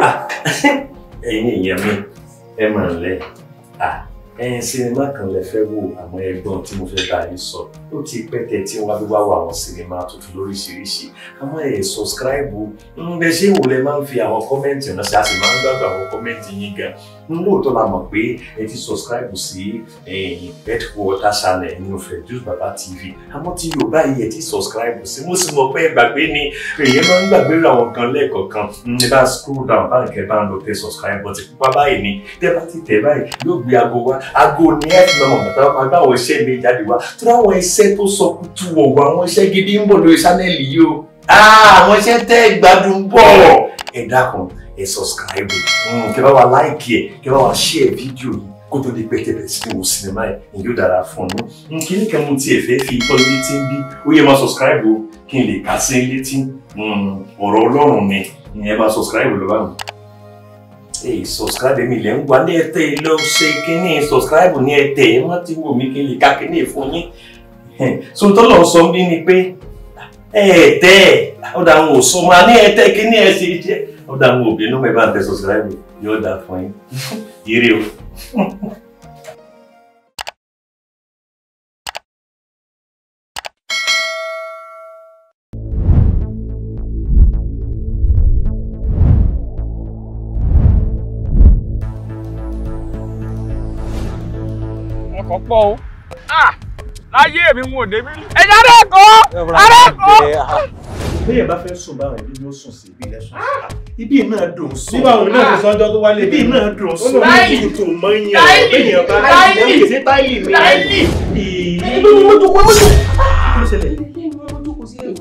Ah, ẹ̀yin ìyá mi ẹ máa ń lẹ. Ah ẹyin sinimá kan lè fẹ́ wò àwọn ẹ̀gbọ́n tí mo fẹ́ bá yín sọ ó ti pẹ́tẹ́ tí wọ́n wá wá àwọn sinimá tuntun lóríṣiríṣi àmọ́ ẹ̀ sọ̀scribe ǹbẹ̀ ṣé ìwò lẹ máa ń fi àwọn kọ́mẹ́ǹtì ránṣẹ́ a sì máa ń gbàgbọ́ àwọn kọ́mẹ́ǹtì yín gan lóòótọ́ la mọ̀ pé ẹ ti sọ̀scribe sí headquarter channel ní ọ̀fẹ́ Fejosbaba baba tv àmọ́ tí yorùbá yìí ẹ ti sọ̀scribe sí mo sì mọ̀ pé ẹ gbàgbé ni èyí máa ń gbàgbé àwọn kan lẹ́ẹ̀kọ̀ọ̀kan ẹ bá scroll down báńkì ẹ bá ń lọ tẹ sọ̀scribe bọ́tì pípa báyìí ni tẹ bá ti tẹ báyìí yóò gbé aago wá aago ní ẹ fi máa mọ̀ bàtà báwọn iṣẹ́ mi jáde wá tó dáwọn iṣẹ́ tó sọ kutu wọ̀wọ̀ àwọn iṣẹ́ gidi ń bọ̀ lórí ṣánẹ́ẹ̀lì yìí o ah, àwọn iṣẹ́ tẹ́ ìgbádùn bọ̀ ẹ dákun ẹ sọ̀sìkàìbù hmm, kí bá wa láìkì ẹ kí bá wa ṣe ẹ fídíò yìí kó tó di pẹ́tẹ́pẹ́ sí wo sinimá ẹ̀ ní yóò dára fún un hmm, kí ní kan mo tiẹ̀ fẹ́ fi tọ́ létí ń bí ó yẹ máa subscribe o kí n lè kà sí létí hmm, ọ̀rọ̀ ọlọ́run mi ìyẹn máa subscribe lọ́wọ́ mi. Hey, subscribe mi lẹ ń gba ní ẹtẹ lọ ṣe kínní subscribe ní ẹtẹ ẹ má ti wò mí kí n lè ka kínní fún yín so tọ́lọ̀ sọ bí ni pé ẹ̀ẹ́tẹ́ ọ̀dà àwọn òsùn máa ní ẹ̀ẹ́tẹ́ kínní ẹ̀ ṣe jẹ́ ọ̀dà àwọn òbí inú mẹ́fà tẹ subscribe yóò dà fún yín yírí o. pọ̀ o. láyé mi wọn ò débi. ẹ̀yà rẹ̀ kọ́ ara kọ́. bẹ́ẹ̀ bá fẹ́ sùn báwọn ibi ni ó sùn sí ibi ilẹ̀ sùn sí ah. ibi náà dùn sùn. bíbá òun náà ti ah. sọ́jọ́ tó wálé. ibi náà dùn sùn. láyé tó mọ yẹn o láyé láyé láyé láyé. ibi mo jókòó mo jókòó. kí ló ṣẹlẹ̀ yìí.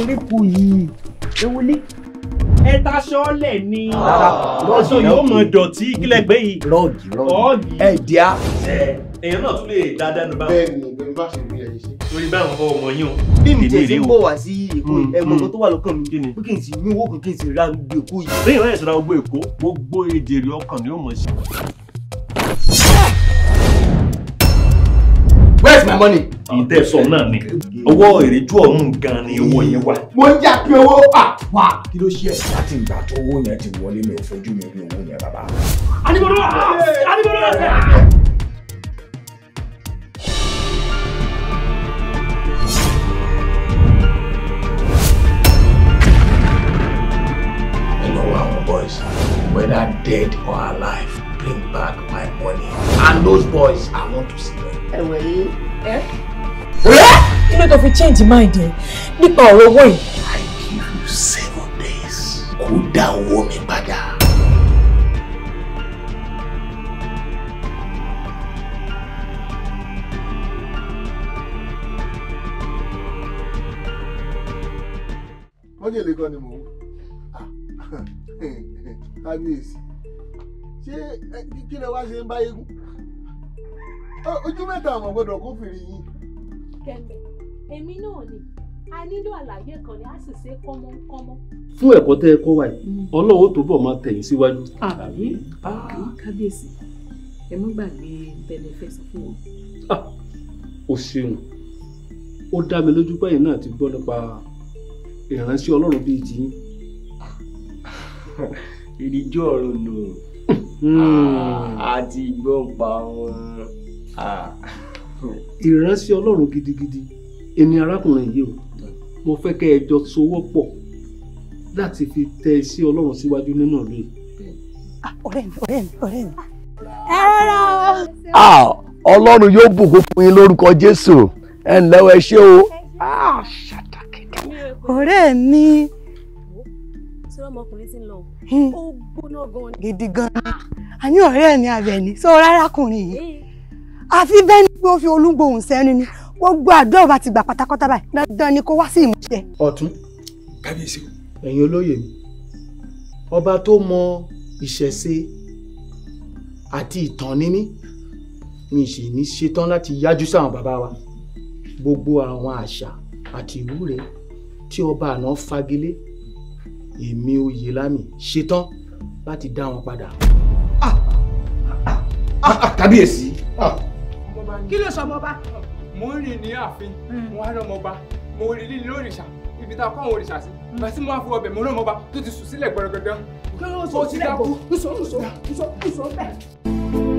orí po yìí ewúlé ẹ taṣọ ọlẹ ni ah. aṣọ yóò mọ dọ̀tí kílẹgbẹ yìí rọọgì rọọgì ẹ díá. èèyàn náà tún lè dá dánú báwọn. bẹ́ẹ̀ni bẹ́ẹ̀ni bá ṣe wí ẹyẹ ṣe. torí báwọn fọ ọmọ yín o. bí mi tẹ̀sí ń bọ̀ wá sí èkó mm, ẹ̀mọ̀gbọ́n mm. tó wà lọ́kàn mi pé kí n sì ní owó kan kí n sì ra gbogbo èkó yìí. bẹ́ẹ̀ wọ́n yẹ̀ get my money. ìtẹ́ sọ náà ni owó ìrìjú ọ̀hún gan ni owó yẹn wà. mo ń jà pé owó à wà. kí ló ṣe ẹ̀. láti ìgbà tó owó yẹn ti wọlé mi ò fojú mi rí owó yẹn bàbá. adigun náà adigun náà. boys, whether dead or alive, bring back my money. And those boys, I want to see them. Hey, Eh? Eh? kí ló tó fi change your mind ẹ nípa ọ̀rọ̀ owó way. I give you seven days kó dá owó mi padà. májèlé kan ni mò ń ah, See, you kí lè wá ṣe ń bá eégún ojú mẹ́ta àmọ́ gbọ́dọ̀ kó fèrè yín. kẹ̀mẹ́ èmi náà ni a nílò àlàyé kan ni a sì ṣe kọ́mọ́kọ́mọ́. fún ẹ̀kọ́ tẹ́ ẹ kọ́ wa yìí ọlọ́wọ́ tó bọ̀ máa tẹ̀yìn síwájú. àbí kábíyèsí ẹ mú gbàgbé bẹ̀rẹ̀ fẹ́ sọ fún wọn. Ah, o ṣeun ó dá mi lójú pé ẹ̀yin náà ti gbọ́ nípa ìránṣẹ́ ọlọ́run bíi tiyín. ìdíjọ́ ọ̀run nù hmm. a ti gbọ́ pa wọn. Ah. ìránṣẹ́ ọlọ́run gidigidi ẹni arákùnrin yìí o hmm. mo fẹ́ kẹ́ ẹ jọ sowọ́ pọ̀ láti fi tẹ iṣẹ́ ọlọ́run síwájú nínú mi. Ah, ọ̀rẹ́ mi ọ̀rẹ́ mi ọ̀rẹ́ mi. ẹ rárá o. Ah, ọlọ́run yóò bùkún fún yín lórúkọ jésù ẹ ǹlẹ́ o ẹ ṣé o. ọ̀rẹ́ mi. ṣé ọmọkùnrin ti ń lọ hmm. ó gbóná gan-an. gidi gan-an a ní ọ̀rẹ́ mi Àbẹ̀ní sọ rárá kùnrin yìí. Eh àfi bẹ́ẹ̀ ni pé ó fi olúgbòhùn sẹ́nu ni gbogbo àdúrà bá ti gbà pátákọ́tá báyìí dandan ni kó wá sí ìmúṣẹ. ọ̀tún kábíyèsí o. ẹ̀yin olóyè mi ọba tó mọ ìṣẹ̀ṣe àti ìtàn ní mí mi sì ní ṣetán láti yájú sáwọn bàbá wa gbogbo àwọn àṣà àti ìwúre tí ọba àná fagilé èmi Oyèlámì ṣetán láti dá wọn padà. kábíyèsí. Ah, ah, ah, ah, ah, ah, ah, ah, kí ló sọ ọmọba. mo ń rìn ní ààfin hmm. mo wá rán ọmọba mo rìn lílì lórìṣà ibi tá a kọ́ àwọn òrìṣà sí hmm. ìgbà tí mo wá fún ọbẹ̀ mo rán ọmọba tó ti sùn sílẹ̀ gbọ̀rọ̀gbọ̀dọ̀. kí ló sọ sílẹ̀ kó sọ sọ sọ sọ bẹ́ẹ̀.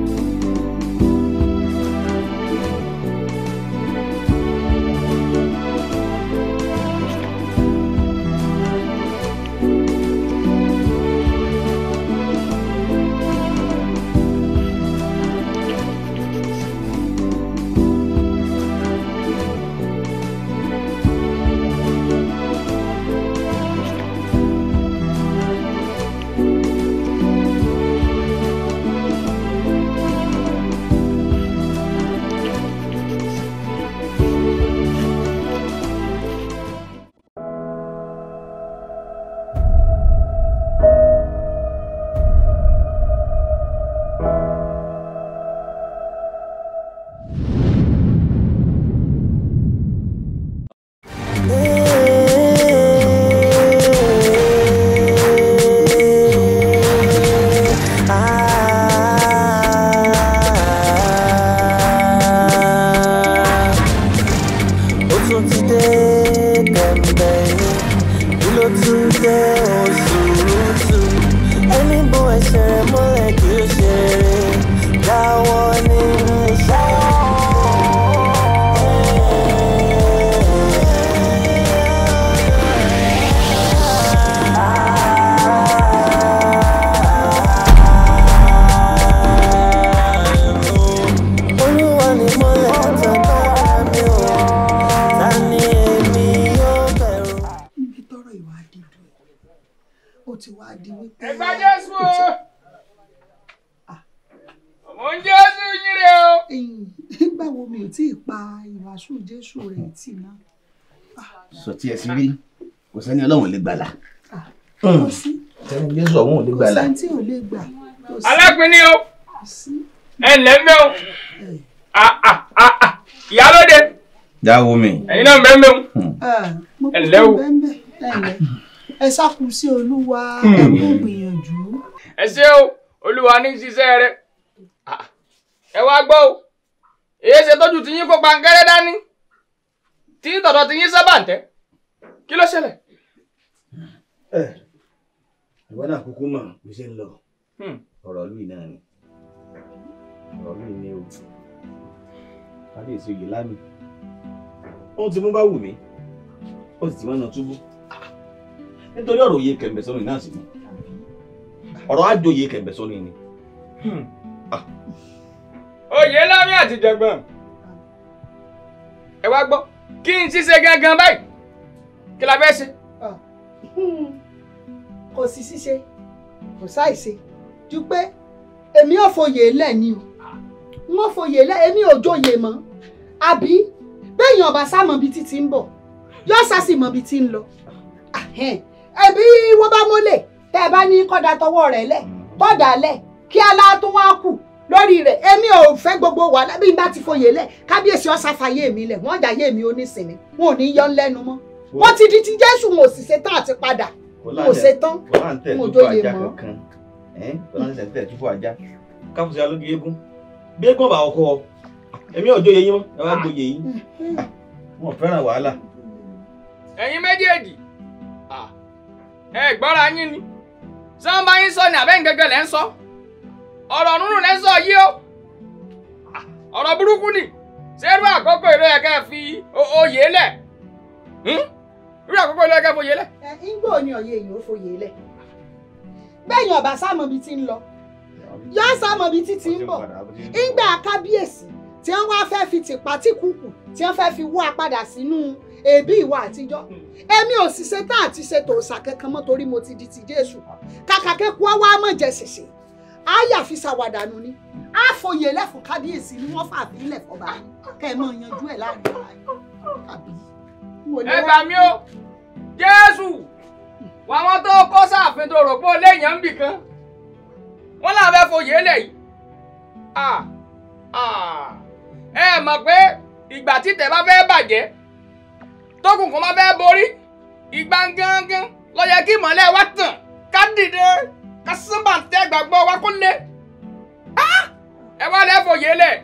tiẹ̀ sí rí kò sẹ́ni ọlọ́run lè gbàlà. sẹ́ni jésù ọ̀hún ò lè gbàlà. Ah, hmm. alápínní o ẹ mbẹ́ o eh. ah, ah, ìyálóde. dáwọ́ mi. ẹ̀yin náà mbẹ́ o hmm. ẹ o ẹ sákun sí olúwa hmm. ẹ gbìyànjú. ẹ ṣé o olúwa ní ṣiṣẹ́ rẹ ẹ wá gbọ́ o èyí ṣe tọ́jú tiyín kó pankẹ́rẹ́ dání tí tọ̀dọ̀ tiyín sábà ń tẹ́ kí ló ṣẹlẹ̀. ẹ ìwọ náà kúkú mọ bí ṣe ń lọ hmm. ọ̀rọ̀ lùi náà ni ọ̀rọ̀ lùi ni o kábíyèsí oyè lámì ohun tí mo bá wù mí ó sì ti máa na túbú nítorí ọ̀rọ̀ òye kẹ̀mbẹ̀sọ́nù náà sì ni ọ̀rọ̀ àjòyè kẹ̀mbẹ̀sọ́nù ni. oyè lámì àti jẹ̀gbọ́n ẹ wá gbọ́ kí n ti gangan báyìí kí la fẹ́ ṣe. Ah. Hmm. kò sí ṣíṣe kò ṣàìṣe ju pé èmi ò foyè lẹ̀ ni o n ò foyè lẹ̀ èmi ò joyè mọ́ àbí bẹ́ẹ̀yàn ọba sá mọ̀ bí títí ń bọ̀ yọ sásì mọ̀ bí tí ń lọ ẹbí wọ́n bá mọ́lẹ̀ tẹ́ ẹ bá ní kọ́dà tọwọ́ rẹ̀ lẹ̀ tọ́dà lẹ̀ kí alá tó wá kù lórí rẹ̀ èmi ò fẹ́ gbogbo wà lábí bá ti foyè lẹ̀ kábíyèsí ọ̀sáfàyè mi lẹ̀ wọ́n jà yé mi onísìnmi wọn ò ní yọ ńlẹ́nu mọ́ wọ́n ti di ti jésù wọn ò sì ṣe tán àti padà wọn ò ṣe tán wọn ò jóye mọ́. káfíńsì alójú eégún bí eégún ọba ọkọ èmi ò jóye yín mọ́ ẹ wá gbóye yín wọn fẹ́ràn wàhálà. ẹ̀yin méjèèjì ẹ gbọ́ra yín ni sọ́nba yín sọ ni àbẹ́yìn gẹ́gẹ́ lẹ́ ń sọ ọ̀rọ̀ nínú lẹ́ ń sọ yìí o ọ̀rọ̀ burúkú ni ṣé irú àkókò ìlú ẹ̀kẹ́ fi oyè lẹ̀. Hmm? irú àkókò ló yẹ ká foyè lẹ. ìgbò ni òye yìí ó foyè lẹ bẹ́ẹ̀ni ọ̀bà sáàmọ̀ bíi ti ń lọ yọ sáàmọ̀ bíi ti ti ń bọ̀ ìgbà kábíyèsí tí wọ́n wá fẹ́ fi tìpa tí kùkù tí wọ́n fẹ́ fi wá padà sínú ẹbí ìwà àtijọ́ èmi ò sì ṣe tá àti ṣe tòòṣà kankan mọ́ torí mo ti di ti Jésù kàkà kẹ́kọ̀ọ́ wá mọ̀ jẹ ṣèṣe àyà fi ṣàwàdà nù ni àfòyè lẹ́fọ̀ọ́ kábíyèsí ni wọ́n fà bílẹ̀ fọba kẹ́ ẹ mọ̀ yanjú ẹ̀ láàrin ara yìí kábíyèsí ẹ gbà mí o jésù wà wọn tó kọ́ sáàfin tó rò pé ó léèyàn ń bì kan wọn làwọn fẹ́ foyè lẹ̀ yìí ẹ mọ̀ pé ìgbà títẹ̀ bá fẹ́ bàjẹ́ tókùn kan bá fẹ́ borí ìgbà gángan ló yẹ kí ìmọ̀lẹ́ wa tàn ká dìde ká sábà tẹ́ gbàgbọ́ wa kó lé ẹ wá lẹ́ foyè lẹ̀.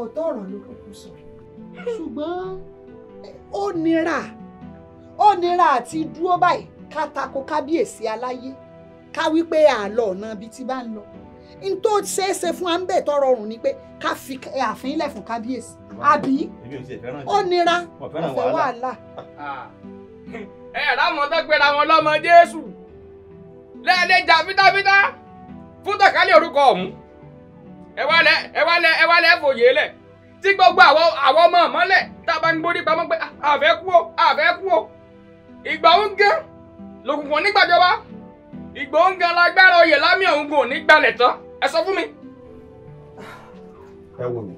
ọ̀tọ̀ ọ̀rọ̀ ló kúkú sọ ṣùgbọ́n ó nira ó nira àti dúró báyìí ká tako kábíyèsí aláyé ká wí pé àlọ ọ̀nà ibi tí bá ń lọ n tó ṣeé ṣe fún àǹbẹ̀ tó rọrùn ni pé ká fi àfin ilẹ̀ fún kábíyèsí àbí ó nira ọ̀fẹ́ wàhálà. Ah. ẹ ráwọn tó gbéra wọn lọ́mọ jésù lẹ́ẹ̀lẹ́jà fítàfítà fún tọ̀kálẹ̀ orúkọ ọ̀hún ẹ wálẹ̀ ẹ wálẹ̀ ẹ wálẹ̀ fòye lẹ̀ tí gbogbo àwọn àwọn ọmọ ìmọ́lẹ̀ tá a bá ń gbórí pamọ́ pé àfẹ́ ah, kú o àfẹ́ kú o ìgbà ó ń gán lòkùnkùn nígbàjọba ìgbà ó ń gan lágbára oyè lámì ọ̀hún gùn ní gbalẹ̀ tán ẹ sọ fún mi. ẹ wò mí.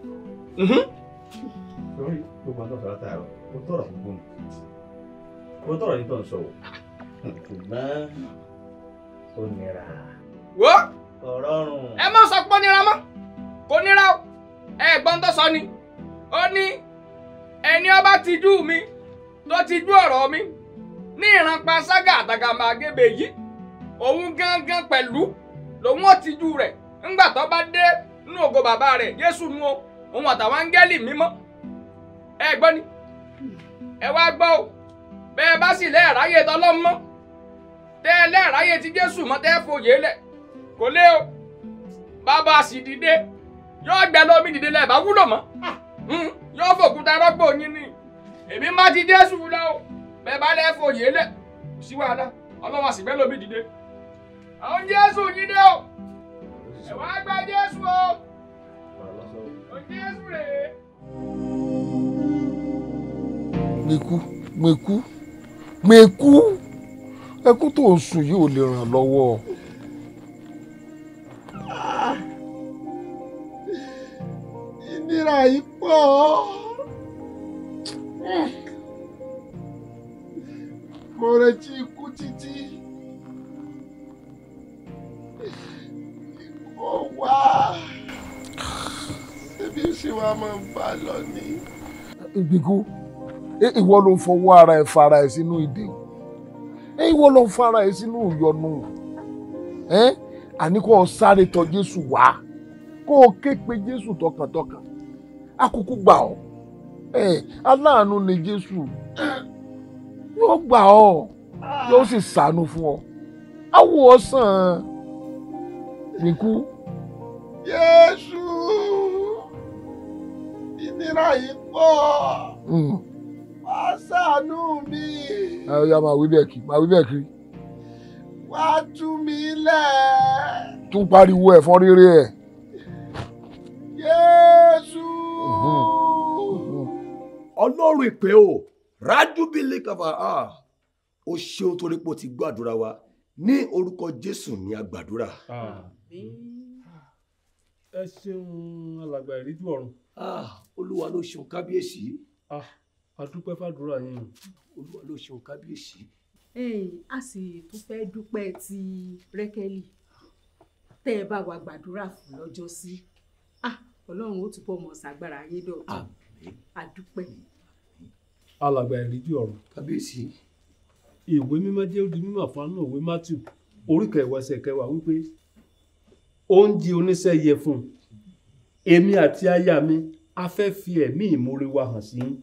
lórí gbogbo àwọn tọ́sọ̀rọ̀ tààrọ̀ ó tọ̀rọ̀ gbogbo mi ó tọ̀rọ̀ ní tọ̀sọ̀ o ṣùgbọ́n ó nira. wo ọ̀rọ̀ ọ̀run. ẹ má sọ pé ó nira mọ́ kò nira o ẹ gbọ́n tó sọ ni. ó ní ẹni ọba ti mi tó ti ọ̀rọ̀ mi ní ìrànpa ságà àtàgàmàgébè yìí òun gángan pẹ̀lú lòun ó ti jú rẹ̀ ńgbà tó bá dé nínú ògo bàbá rẹ̀ Jésù nu o òun àtàwọn áńgẹ́lì mímọ́ ẹ gbọ́ ni ẹ wá gbọ́ o bẹ́ẹ̀ bá sì lẹ́ẹ̀ráyè tọlọ́mọ́ tẹ́ ẹ lẹ́ẹ̀ráyè tí Jésù mọ́ tẹ́ ẹ fòye lẹ̀ kò lé o bàbá sì dìde yóò gbẹ lómi dìde lẹ́ẹ̀ bá wúlò mọ́. Hmm, yóò fòkúta rọ́pò yín ni èmi má ti Jésù lọ o bẹ́ẹ̀ bá lẹ́ẹ̀ fòyè lẹ̀ sí wàhálà ọlọ́wọ́ àsìgbẹ́ lómi dìde àwọn Jésù yín o ẹ̀ wá gba Jésù o o Jésù rèé. mẹ́kú mẹ́kú mẹ́kú ẹkú tó ń sùn yìí ò lè ràn lọ́wọ́ wàhálà yìí pọ̀. Eh. mo retí ikú títí ó wá ṣebí ó sì wá ìwọ ló ń fọwọ́ ara ẹ̀ fara ẹ̀ sínú ìdè ìwọ ló ń fara ẹ̀ sínú ìyọnu àní kò sáré tọ̀ Jésù wá kó o ké pe Jésù tọkàntọkàn akókó gbà ọ́ aláàánú ni Jésù yóò gbà ọ́ yóò sì ṣàánú fún ọ awo ọsàn nìkú. Jésù ìnira yìí pọ̀ hmm. wá ṣàánú mi. ẹ ọ̀ya máa wí bẹ́ẹ̀ kiri máa wí bẹ́ẹ̀ kiri. wá tú mi lẹ̀. tún pariwo ẹ̀fọn rere ẹ̀. Jésù ọlọ́run ìpè o rájú bí lẹ́kàfà ó ṣeun torí pé o ti gbàdúrà wa ní orúkọ jésù ní agbàdúrà. ẹ ṣeun alàgbà ìríjú ọ̀run. olúwa ló ṣeun kábíyèsí. a dúpẹ́ fàdúrà yín. olúwa ló ṣeun kábíyèsí. a sì tún fẹ́ dúpẹ́ ti rẹ́kẹ́lì tẹ́ ẹ bá wa gbàdúrà fún lọ́jọ́ sí ọlọ́run ó túbọ̀ mọ̀ ṣàgbára yín dọ̀tun a dúpẹ́ alàgbà ìríjú ọ̀run. kábíyèsí. ìwé mímọ́ jẹ́ ó di mímọ̀ fánú òwe matthew orí kẹwàá ẹsẹ̀ kẹwàá wípé oúnjẹ oníṣẹ́ yẹ fún un èmi àti aya mi a fẹ́ fi ẹ̀mí ìmoore wa hàn sí yín.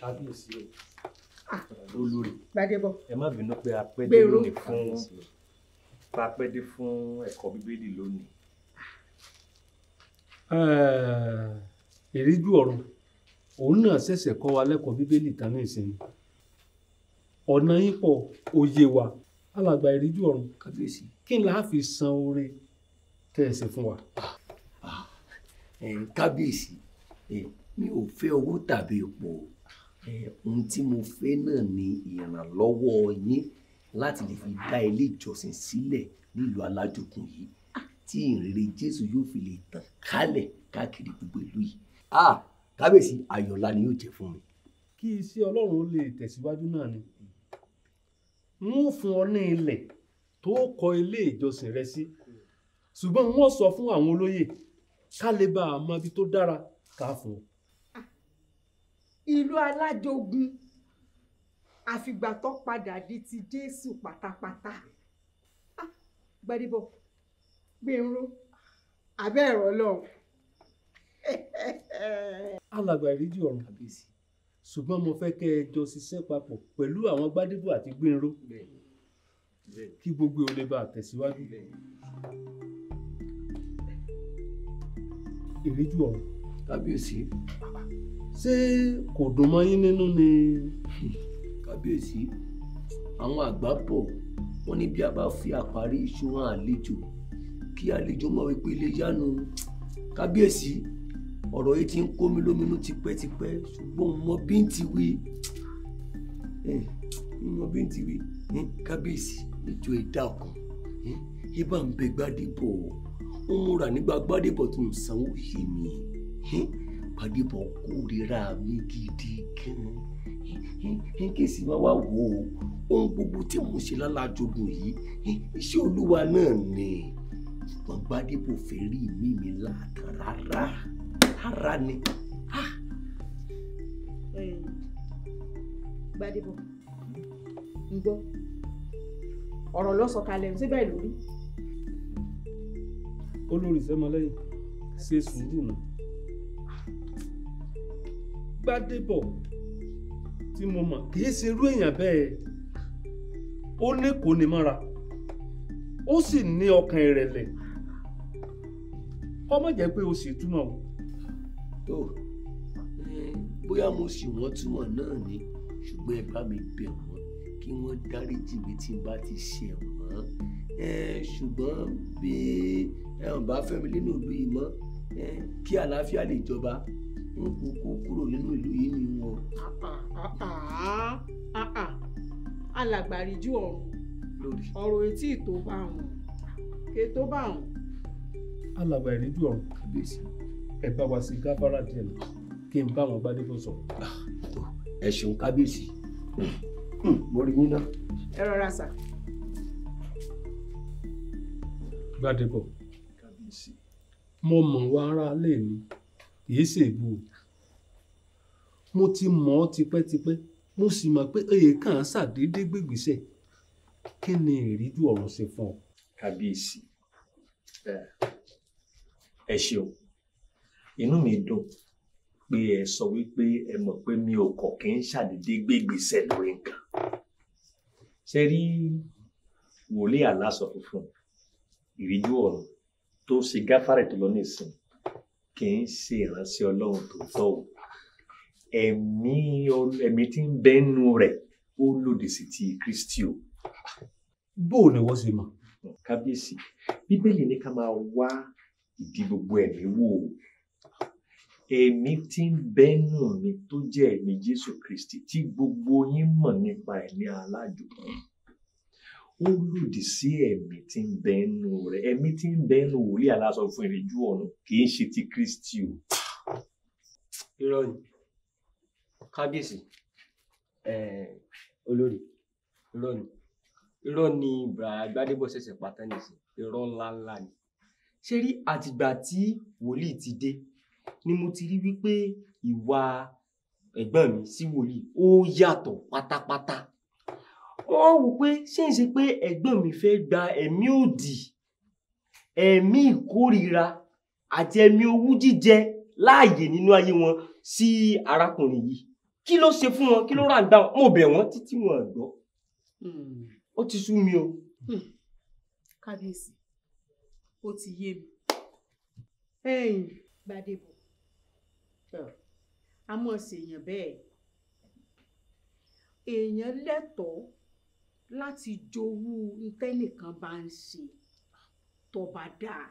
kábíyèsí ah, olórí ẹ má bínú pé a pẹ́ dé lónìí fún pa pẹ́ dé fún ẹ̀kọ́ bíbélì lónìí. Ah. Eh, ìríjú ọ̀run òun náà ṣẹ̀ṣẹ̀ kọ́ wa lẹ́kọ̀ọ́ bíbélì tán ní ìsinmi ọ̀nà yín pọ̀ òye wa alàgbà ìríjú ọ̀run kábíyèsí kí n láà fi san oore tẹ́ ẹ ṣe fún wa. Ah, ah, kábíyèsí mi ò fẹ́ owó tàbí ipò ohun tí mo fẹ́ náà ni ìrànlọ́wọ́ yín láti lè fi dá ilé ìjọsìn sílẹ̀ nílùú alájòkun yìí tí ìrere jésù yóò fi lè tàn kálẹ̀ káàkiri gbogbo ìlú yìí ah kábíyèsí ayọ̀ ńlá ni yóò jẹ́ fún mi. kí iṣẹ́ ọlọ́run ó lè tẹ̀síwájú náà ni wọ́n fún ọ ní ilẹ̀ tó kọ ilé ìjọsìn rẹ sí ṣùgbọ́n wọ́n sọ fún àwọn olóyè ká lè bá a mọ ibi tó dára ká fún ọ. ìlú alájogun àfìgbà tó padà di ti jésù pátápátá gbadebo gbẹ̀rún e abẹ́ ẹ̀rọ lọ́hùn alàgbà ìríjú ọ̀run kàbíyèsí ṣùgbọ́n mo fẹ́ kẹ́ ẹ jọ ṣiṣẹ́ papọ̀ pẹ̀lú àwọn gbádébò àti gbìnró kí gbogbo ò lè bá tẹ̀síwájú. ìríjú ọ̀run kàbíyèsí. ṣé kò dùn mọ́ yín nínú ni. kàbíyèsí àwọn àgbà bọ̀ wọ́n ní bí a bá fi àparí iṣu àlejò kí àlejò mọ̀ wípé ilé yánu kàbíyèsí ọ̀rọ̀ yìí ti ń kó mi lóminú tipẹ́tipẹ́ ṣùgbọ́n mo bí n ti wí mo bí n ti wí kábíyèsí ìjọ ìdá ọkàn ibà ń bẹ gbádìbọ̀ ó múra nígbà gbádìbọ̀ tó ń sanwó yìí mi gbádìbọ̀ kórìíra mi gidi kẹ́nu kíkèsí máa wá wò ó ohun gbogbo tí mò ń ṣe lálàjogún yìí iṣẹ́ olúwa náà ni ṣùgbọ́n gbádìbọ̀ fẹ́ rí mi mi rárá. sára ni. Ah. Eh, Gbadebo, ń gbọ́, ọ̀rọ̀ ló sọ kalẹ̀ síbẹ̀ lórí. Olórí Sẹ́mọlẹ́yìn ṣe sùúrù nù. Gbadebo tí mo mọ̀ kìí ṣe irú èèyàn bẹ́ẹ̀ ó ní kò ní mọ́ra ó sì ní ọkàn ìrẹ̀lẹ̀ pé o sì túmọ̀ o. tó eh, bóyá mo sì wọ́n túmọ̀ náà ni ṣùgbọ́n ẹ bá mi bẹ̀ wọ́n kí wọ́n dáríjì mi tí n bá ti ṣẹ̀ wọ́n eh, ṣùgbọ́n bí ẹ̀wọ̀n eh, bá fẹ́ mi nínú ìlú yìí mọ́ kí àlàáfíà lè jọba n kò kó kúrò nínú ìlú yìí ni wọn. alàgbàrí ju ọ̀run ọ̀rọ̀ etí ìtò bá wọn ètò bá wọn. alàgbàrí ju ọ̀run. kábíyèsí ẹ bá wa sí gáfárà díẹ̀ lọ kí n bá wọn bá débò sọ. Ah, ẹ ṣeun kábíyèsí hmm, mo rí yín náà. ẹ rọra sà. gbàdébọ̀ mo mọ̀ wá ara lé mi kì í ṣèbù mo ti mọ̀ ọ́ tipẹ́tipẹ́ mo sì mọ̀ pé èèkàn ṣàdédé gbègbèsẹ̀ kí ni ìríjú ọ̀rọ̀ ṣe fún ọ. kábíyèsí ẹ ṣeun inú mi dùn pé ẹ sọ wípé ẹ mọ̀ pé mi ò kọ̀ kí n ṣàdédé gbégbèsè lórí nǹkan ṣe rí wòlíì aláṣọ funfun ìríjú ọ̀run tó ṣe gáfárẹ̀ tó lọ nísìn kì í ṣe ìránṣẹ́ ọlọ́run tó tọ́ o ẹ̀mí ẹ̀mí tí ń bẹ́nu rẹ̀ ó lòdì sí ti kristi o. bó o ní wọ́n ṣe mọ̀. kábíyèsí bíbélì ní ká máa wá ìdí gbogbo ẹ̀mí wò ó èmi tí ń bẹ́nu mi tó jẹ́ ẹ̀mí Jésù Kristi tí gbogbo yín mọ̀ nípa ẹ̀ ní aládùúgbò ó lòdì sí ẹ̀mí tí ń bẹ́nu rẹ̀ ẹ̀mí tí ń bẹ́nu wòlíì aláṣọ fún ìrìnjú ọ̀nà kì í ṣe ti Kristi o. irọ́ ni kábíyèsí olórí irọ́ ni irọ́ ni Gbádébọ̀ ṣẹ̀ṣẹ̀ pátá nìsín irọ́ ńláńlá ni ṣé rí àtìgbà tí wòlíì ti dé ni mo ti rí wípé ìwà ẹ̀gbọ́n mi sí wòlíì ó yàtọ̀ pátápátá wọ́n wò pé ṣé ń ṣe pé ẹ̀gbọ́n mi fẹ́ gba ẹ̀mí òdì ẹ̀mí ìkórìíra àti ẹ̀mí owú jíjẹ láàyè nínú ayé wọn sí arákùnrin yìí kí ló ṣe fún wọn kí ló rà ń gbà wọn mo bẹ̀ wọ́n títí wọn gbọ́ hmm. ó ti sú mi o. Hmm. kábíyèsí ó ti yé mi. ẹ̀yin a mọ̀ ṣèyàn bẹ́ẹ̀ èèyàn lẹ́tọ̀ọ́ láti jowú ntẹ́nìkan bá ń ṣe tọba dáa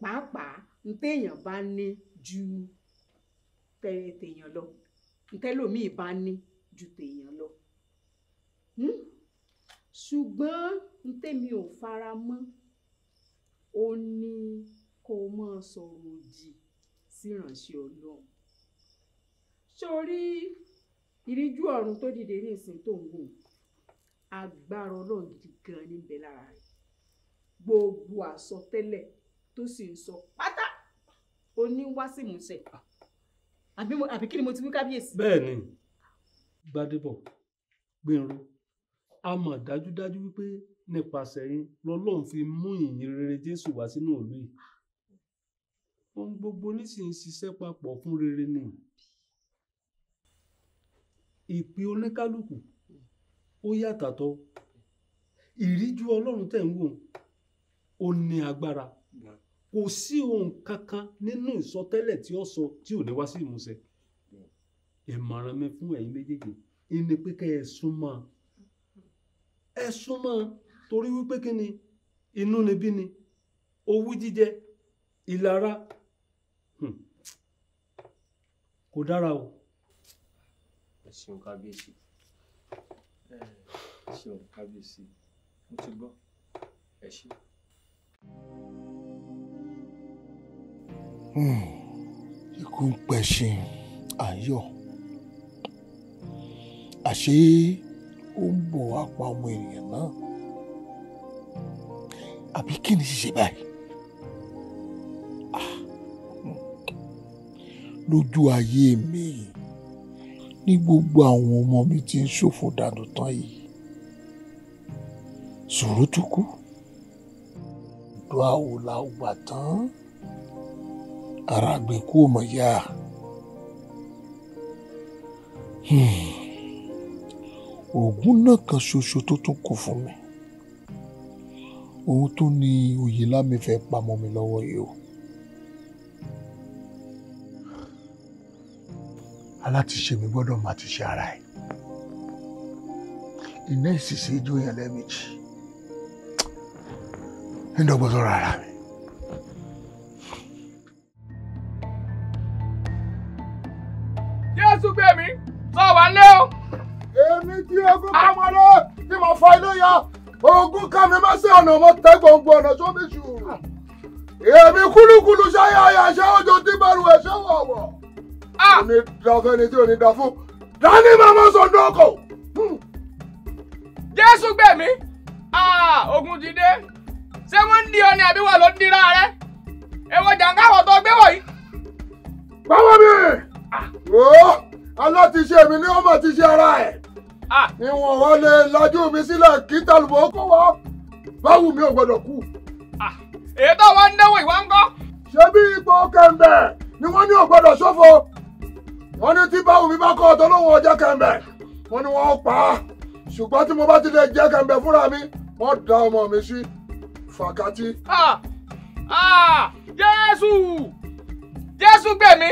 pàápàá ntẹ́yàn bá ní ju tẹ̀yàn lọ ntẹ́lòmíì bá ní ju tẹ̀yàn lọ hmm? ṣùgbọ́n ntẹ́mi ò fara mọ́ ó ní kó o máa sọ̀rọ̀ òdì sí ìránṣẹ́ Ọlọ́run sórí ìríjú ọ̀run tó dìde ní ìsìn tó ń gùn agbára Ọlọ́run gidi gan níbẹ̀ lára rẹ̀ gbogbo àsọtẹ́lẹ̀ tó sì ń sọ pátá ó ní wá sí ìmúṣẹ àbí kí ni mo ti wí kábíyèsí. bẹ́ẹ̀ni Gbádébọ̀ Gbénró a mọ̀ dájúdájú wípé nípasẹ̀ yín lọ́lọ́run fi mú ìyìn rere Jésù wá sínú ìlú yìí ohun gbogbo nísìnyí ṣiṣẹ́ papọ̀ fún rere ni ìpín oníkálukú ó yàtàtọ̀ ìríjú ọlọ́run tẹ̀ ń wò ó ní agbára kò sí ohun kankan nínú ìsọtẹ́lẹ̀ tí ó sọ tí ò ní wá sí ìmúṣẹ ìmọ̀ràn mi fún ẹ̀yin méjèèjì ìní pé kẹ́ ẹ súnmọ́ ẹ súnmọ́ torí wípé kí ni inú ni bí ni owú jíjẹ ìlara kò dára o. ẹ ṣeun kábíyèsí ẹ ṣeun kábíyèsí mo ti gbọ́ ẹ ṣe. Hmm, ikú ń pẹ̀ṣin ayọ̀ àṣé ó ń bọ̀ wá pa ọmọ ènìyàn náà àbí kí ni ṣíṣe báyìí. lójú ayé mi ní gbogbo àwọn ọmọ mi ti ń ṣòfò dànù tán yìí sòrò tó kú dùá ò la gbà tán ara àgbẹ̀ kú mọ̀ yá oògùn hmm. náà kan ṣoṣo tó tún kù fún mi ohun tó ní oyè lámì pamọ́ mi lọ́wọ́ yìí o. alátiṣe mi gbọ́dọ̀ máa ti ṣe ara ẹ̀ iná ìsìsì ijó yẹn lẹ́ẹ̀mejì nídọ́gbọ́n sọ̀rọ̀ ara mi. Jésù gbẹ̀mí sọ wà ń lé o. èmi tí egun kan mọ lọ tí mo fa ilé ya oògùn kan mi má sí ọ̀nà mo tẹ́ gbòǹgbò ọ̀nà tó mi jù. èmi kúlúkúlú ṣáyà àyà ṣé ojú tí bá lu ní ah! dáfẹ́ ni tí ò ní dá fún dání màmá sọ̀dọ̀ ọkọ̀. Hmm. jésù gbẹ̀mí ah, ogun ti dé ṣé wọ́n ń di ọ ni àbí wọ́n ló ń dira rẹ èwo jàǹkà wọ̀ tó gbé wọ̀nyí. báwo ah, mi wò ó alátiṣe mi ni ó mà ti ṣe ara ẹ̀ níwọ̀n wọn lè lajú mi sílẹ̀ kí tàlùbọ̀ kó wọ́ báwo mi ò gbọ́dọ̀ kú. èyí tó wọn ń dẹ́wọ̀ ìwọ́n ń kọ́. ṣé bí ipò kẹ̀ǹbẹ̀ ni wọ́n ní ò gbọ́dọ̀ ṣòfò wọ́n ní tí báwo mi bá kọ́ ọ̀tọ̀ lóhùn ọjọ́ kẹ̀mbẹ̀ wọ́n ní wọ́n pa á ṣùgbọ́n tí mo bá ti lè jẹ́ kẹ̀mbẹ̀ fúnra mi wọ́n da ọmọ mi sí fàkàtì. jésù jésù gbèmí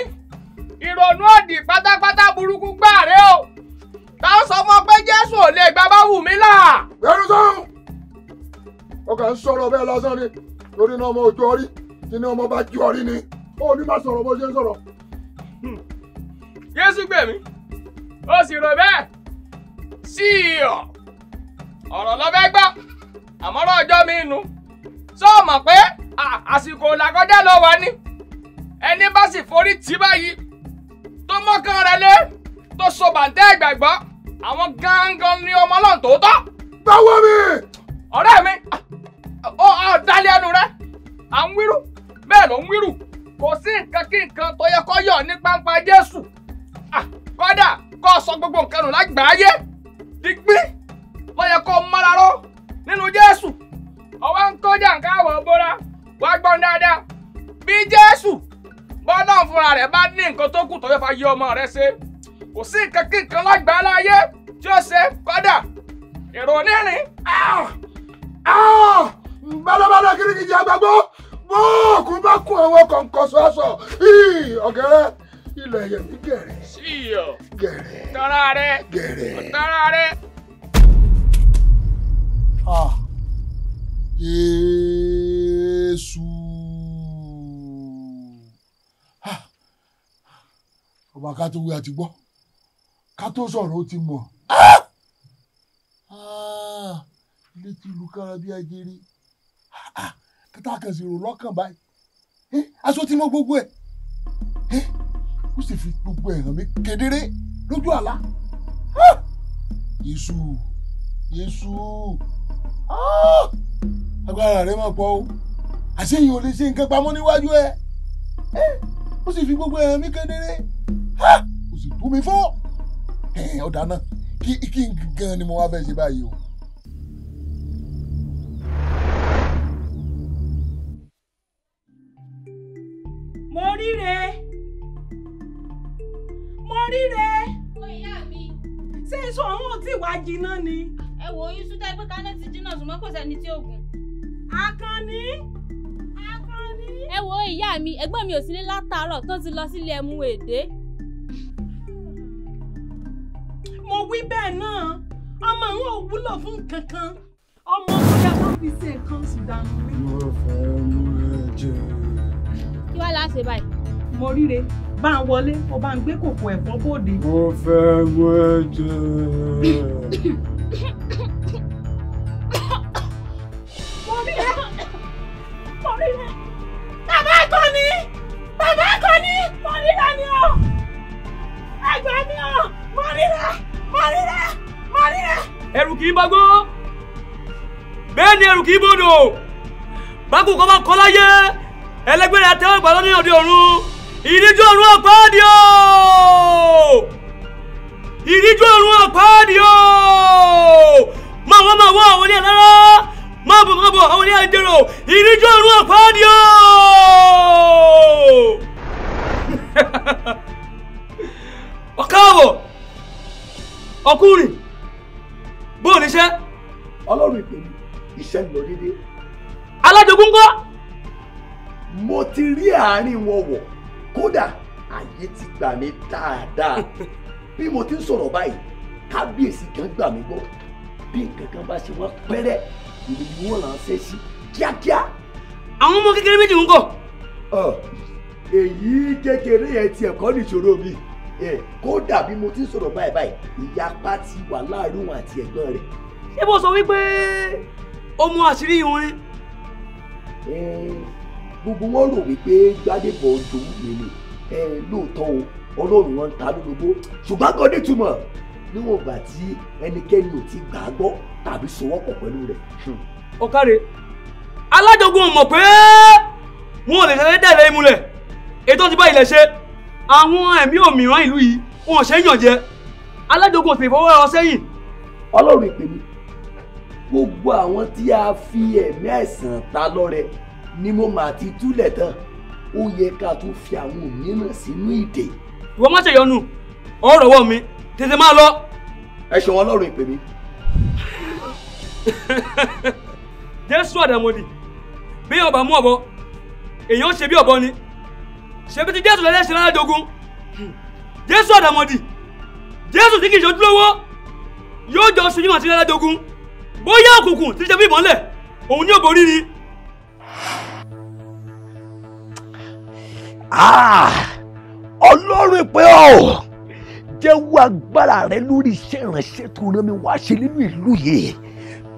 ìrònú òdì pátápátá burúkú gbàrẹ́ o ta sọ fún ọ pé jésù ò lè gba bá wù mí là. bẹ́ẹ̀ni sọ́hún ó kàn ń sọ̀rọ̀ bẹ́ẹ̀ lásán ni lórí náà ọmọ òjò rí tí ní ọmọ bá jọ rí ni ó ní má sọ̀rọ̀ bó ṣe ń sọ̀rọ̀. Hmm. Jésù gbèmí ó sì rò bẹ́ẹ̀ sí ọ̀ ọ̀rọ̀ lọ fẹ́ gbọ́ àmọ́rọ̀ ọjọ́ mi nu sọ mọ̀ pé àsìkò làkọjá ló wà ní ẹni bá sì forí tì báyìí tó mọ́kàn rẹ̀ lé tó so bàǹtẹ́ ìgbàgbọ́ àwọn gangan ni ọmọ náà tòótọ́. gbàwọ́ mi. ọ̀rẹ́ mi ó dálé ẹnu rẹ à ń wírù bẹ́ẹ̀ ló ń wírù kò sí nǹkan kí nǹkan tó yẹ kó yọ̀ ní pápá Jésù. 大爷。sọ̀rọ̀ ó ti mọ̀ ah, ilé ti lu kára bí ajere ah, tata kan sì rò lọ́kàn báyìí eh, aṣọ tí mo gbogbo ẹ̀ eh, ó sì fi gbogbo ẹ̀ hàn mí kedere lójú àlá ah, Jésù Jésù agbára rẹ máa pọ̀ o àṣeyìn ò lè ṣe nǹkan pamọ́ níwájú ẹ eh, ó sì fi gbogbo ẹ̀ hàn mí kedere ó sì tú mi fún ọ̀dà náà kí kí gan ni mo wá fẹ́ ṣe báyìí o. mo ríre mo ríre. o ìyá mi. ṣé èso ọ̀hún ò tí wá jiná ni. ẹ wo oyún sún tẹ́ pé káná ti jiná ṣùgbọ́n kò sẹ́ni tí ò gùn. akànnì ẹ wo ìyá mi ẹ̀gbọ́n mi ò sílé látàárọ̀ tó ti lọ sílé ẹmu èdè wí bẹ́ẹ̀ náà ọmọ àwọn òwúlò fún kankan ọmọ ọmọdé tó fi ṣe nǹkan sùdánù mi. mo fẹ́ mú ẹ jẹ. kí wàá láṣẹ báyìí. mo ríre bá ń wọlé mo bá ń gbé kòkò ẹ̀fọ́ bòde. mo fẹ́ mú ẹ jẹ. ẹrù kì í bọ́gbó bẹ́ẹ̀ ni ẹrù kì í bọ́dọ̀ bákù kọ́ bá kọ́ láyé ẹlẹgbẹ́rẹ́ àtẹ́wọ́gbà lọ́ní òde ọ̀run ìríjú ọ̀run ọ̀páàdì o ìríjú ọ̀run ọ̀páàdì o máa wọ́n máa wọ́ àwọn oníyà lára máa bọ̀ máa bọ̀ àwọn oníyà ìdèrò ìríjú ọ̀run ọ̀páàdì o. ọ̀káàbọ̀ ọkùnrin bóò ní iṣẹ́. ọlọ́run ìpè mí iṣẹ́ ń lọ déédéé. alájogún ńkọ́. mo ti rí àárín wọn wọ̀ kódà àyè ti gbà mí dáadáa bí mo ti ń sọ̀rọ̀ báyìí kábíyèsí kan gbà mí gbọ́ bí nǹkan kan bá ṣe wọ́n pẹ́rẹ́ ìlú ni wọ́n ránṣẹ́ sí kíákíá. àwọn ọmọ kékeré méjì ń kọ. èyí kékeré yẹn tiẹ̀ kọ́ nìṣòro mi kódà bí mo ti ń sọ̀rọ̀ báyìí báyìí ìyapa ti wà láàrin òun àti ẹ̀gbọ́n rẹ̀. ṣé bó sọ wípé ó mú àṣírí irin. gbogbo wọn rò wípé gbadebo jòwú mi ni lóòótọ́ o ọlọ́run wọn ń ta lólobó ṣùgbọ́n kan nítumọ̀ níwọ̀n ìgbà tí ẹnikẹ́ni ò ti gbà á gbọ́ tàbí sowọ́pọ̀ pẹ̀lú rẹ̀. ọ̀kàrẹ̀ hmm. alájọgún mọ̀ pé wọn ò lè ṣẹlẹ̀ dẹ̀rẹ̀ imú rẹ̀ ètò ti bá ilẹ̀ ṣe àwọn ẹ̀mí òmìrán ìlú yìí wọn ò ṣe é yàn jẹ alájogun òsè ìfọwọ́rọ́ sẹ́yìn. ọlọ́run ìpè mí gbogbo àwọn tí a fi ẹ̀mí àìsàn ta lọ́rẹ ni mo máa ti túlẹ̀ tán ó yẹ ká tún fi àwọn òmíràn sínú ìdè. ìwọ má ṣèyọnu ọ̀rọ̀ wọ̀ mi tètè máa lọ. ẹ ṣeun ọlọ́run ìpè mí. jésù àdàmọ̀dì bí ọba mú ọ̀bọ èèyàn ṣe bí ọ̀bọ ni ṣebí ti jésù lẹ́lẹ́sẹ̀ náà dogun jésù ọ̀dàmọ̀dì jésù tí kì í ṣe ojúlówó yóò jọ ṣojú àti lẹ́lẹ́ dogun bóyá òkùnkùn ti ṣe bí ìmọ́lẹ̀ òun ní òbò rírí. ọlọ́run pé ọ́ jẹ́wọ́ agbára rẹ lórí iṣẹ́ ìrànṣẹ́ tó rán mi wá ṣe nínú ìlú yìí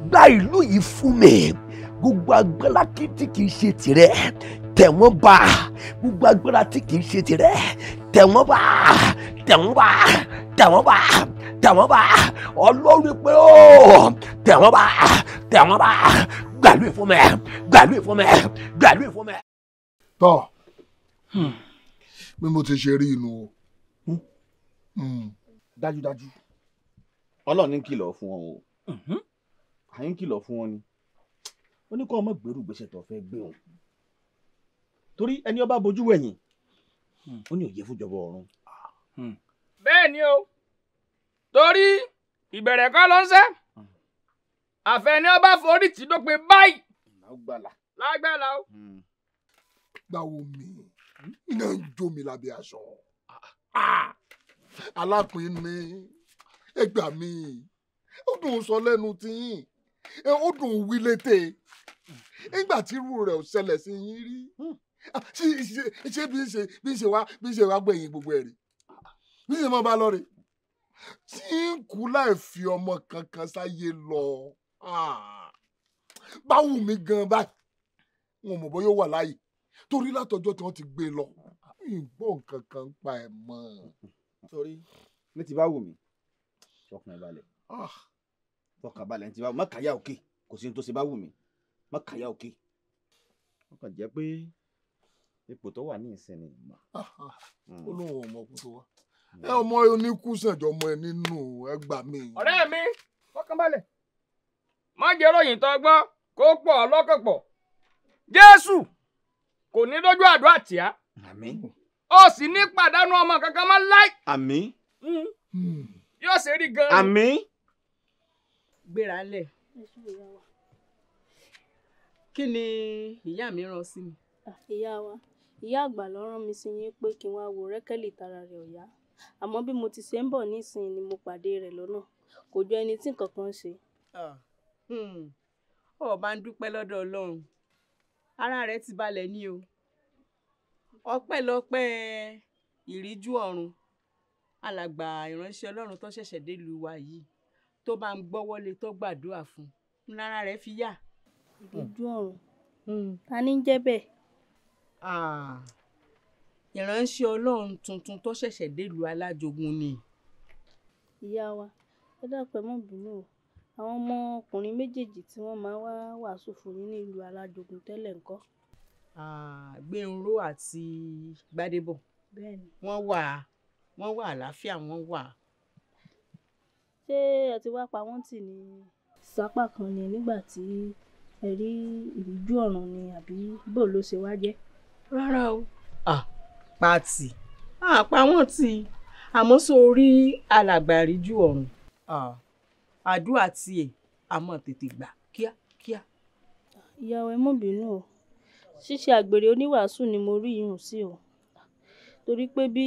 gba ìlú yìí fún mi gbogbo agbára kìtì kì í ṣe tirẹ̀ tẹ̀ wọ́n bá gbogbo agbára tí kì í ṣe tirẹ̀ tẹ̀ wọ́n bá tẹ̀ wọ́n bá tẹ̀ wọ́n bá tẹ̀ wọ́n bá ọlọ́run pé ó tẹ̀ wọ́n bá tẹ̀ wọ́n bá gbàlú ìfúnmẹ́ gbàlú ìfúnmẹ́ gbàlú ìfúnmẹ́. tọ́ hmm. bí mo ti ṣe rí inú o hmm. Hmm. dájúdájú ọlọ́ọ̀ni mhm. ń kìlọ̀ fún ọ o àyín kìlọ̀ fún ọ ni ó ní kó ọmọ gbèrú gbèsè tó fẹ́ gbé òun torí ẹni ọba bojú wẹ̀yìn hmm. ó ní òye fúnjọba ọ̀run. Hmm. bẹ́ẹ̀ ni o torí ìbẹ̀rẹ̀ kọ́ ló ń ṣe hmm. àfẹni ọba forí tí dópin báyìí lágbàlá o. gbàwo mi iná ń jó mi lábẹ́ aṣọ ah. Ah. alápín ni ẹ gbà mí ó dùn sọ lẹ́nu tiyín ó dùn wí létè nígbà tí irú rẹ̀ ò ṣẹlẹ̀ sí yín rí. Ah, ṣé bí ṣe bí ṣe wá bí ṣe wá gbẹ̀yìn gbogbo ẹ̀rí bí ṣe mọ́ bá lọ rè tí ń kú láì fi ọmọ kankan sáyé lọ ah, báwo mi gan báyìí wọn ò mọ̀ bọ́ yóò wà láàyè torí látọjọ́ tí wọ́n ti gbé e lọ ìgbọ́ nǹkan kan ń pa ẹ̀ mọ́. sori ní ti bá wù mí fọkàn balẹ̀ ah. fọkàn balẹ̀ ní ti bá wù mí má kàyà òkè kò sí ní tó ṣe bá wù mí má kàyà òkè. wọ́n kàn jẹ́ pé ipò tó wà ní ìsinmi mọ̀. ó lóun ò mọ kó tó hmm. ẹ ọmọ oníkú sànjọ ọmọ ẹ nínú ẹgbà mi. ọ̀rẹ́ mi fọkànbalẹ̀ má jẹ́ ròyìn tó gbọ́ kó pọ̀ ọlọ́kàn jésù kò ní lójú àdúrà tíá ó sì ní pàdánù ọmọ kankan má láì. àmín. Hmm. Hmm. yóò ṣe rí gan-an. àmín. gbéra lẹ̀ kí ni ìyá mi rán sí mi. Ah, ìyá wa ìyá àgbà ló rán mi sí yín pé kí n wáá wo Rẹ́kẹ́lì tára rẹ̀ ò àmọ́ bí mo ti ṣe ń bọ̀ nísìnyí ni mo pàdé rẹ̀ lọ́nà kò jọ ẹni tí nǹkan kan ṣe. ọ̀ bá hmm, ń dúpẹ́ lọ́dọ̀ Ọlọ́run ara rẹ̀ ti balẹ̀ ní o ọpẹ́lọpẹ́ ìríjú ọ̀run alàgbà ìránṣẹ́ Ọlọ́run tó ṣẹ̀ṣẹ̀ délùú wa yìí tó bá ń gbọ́wọ́lé tó gbàdúrà fún un lára rẹ̀ fi yá. ìríjú ọ̀run hmm. ta ni ń jẹ́ bẹ́ẹ̀. Ah. ìránṣẹ́ ọlọ́run tuntun tó ṣẹ̀ṣẹ̀ délùú alájogun ni. ìyá wa ẹ dákun ẹ má bínú o àwọn ọmọkùnrin méjèèjì tí wọ́n máa wá wàásù fún yín ní ìlú alájogun tẹ́lẹ̀ ńkọ́. Ah, gbẹ̀ǹró àti gbádébọ̀ wọ́n wà wọ́n wà àlàáfíà wọ́n wà. ṣé ẹ ti wá pa wọ́n tì ní sápá kan ni nígbà tí ẹ rí ìrújú ọ̀ràn ni àbí bò ló ṣe wá jẹ́ rárá o. ah pàtì. ah pa wọ́n ti àmọ́ sórí alàgbàrí ju ọ̀run. ah àdúrà tiẹ̀ àmọ́ tètè gbà kíákíá. ìyàwó ẹ mọ̀ bínú o ṣíṣe àgbèrè oníwàásù ni mo rí ìhùn sí o torí pé bí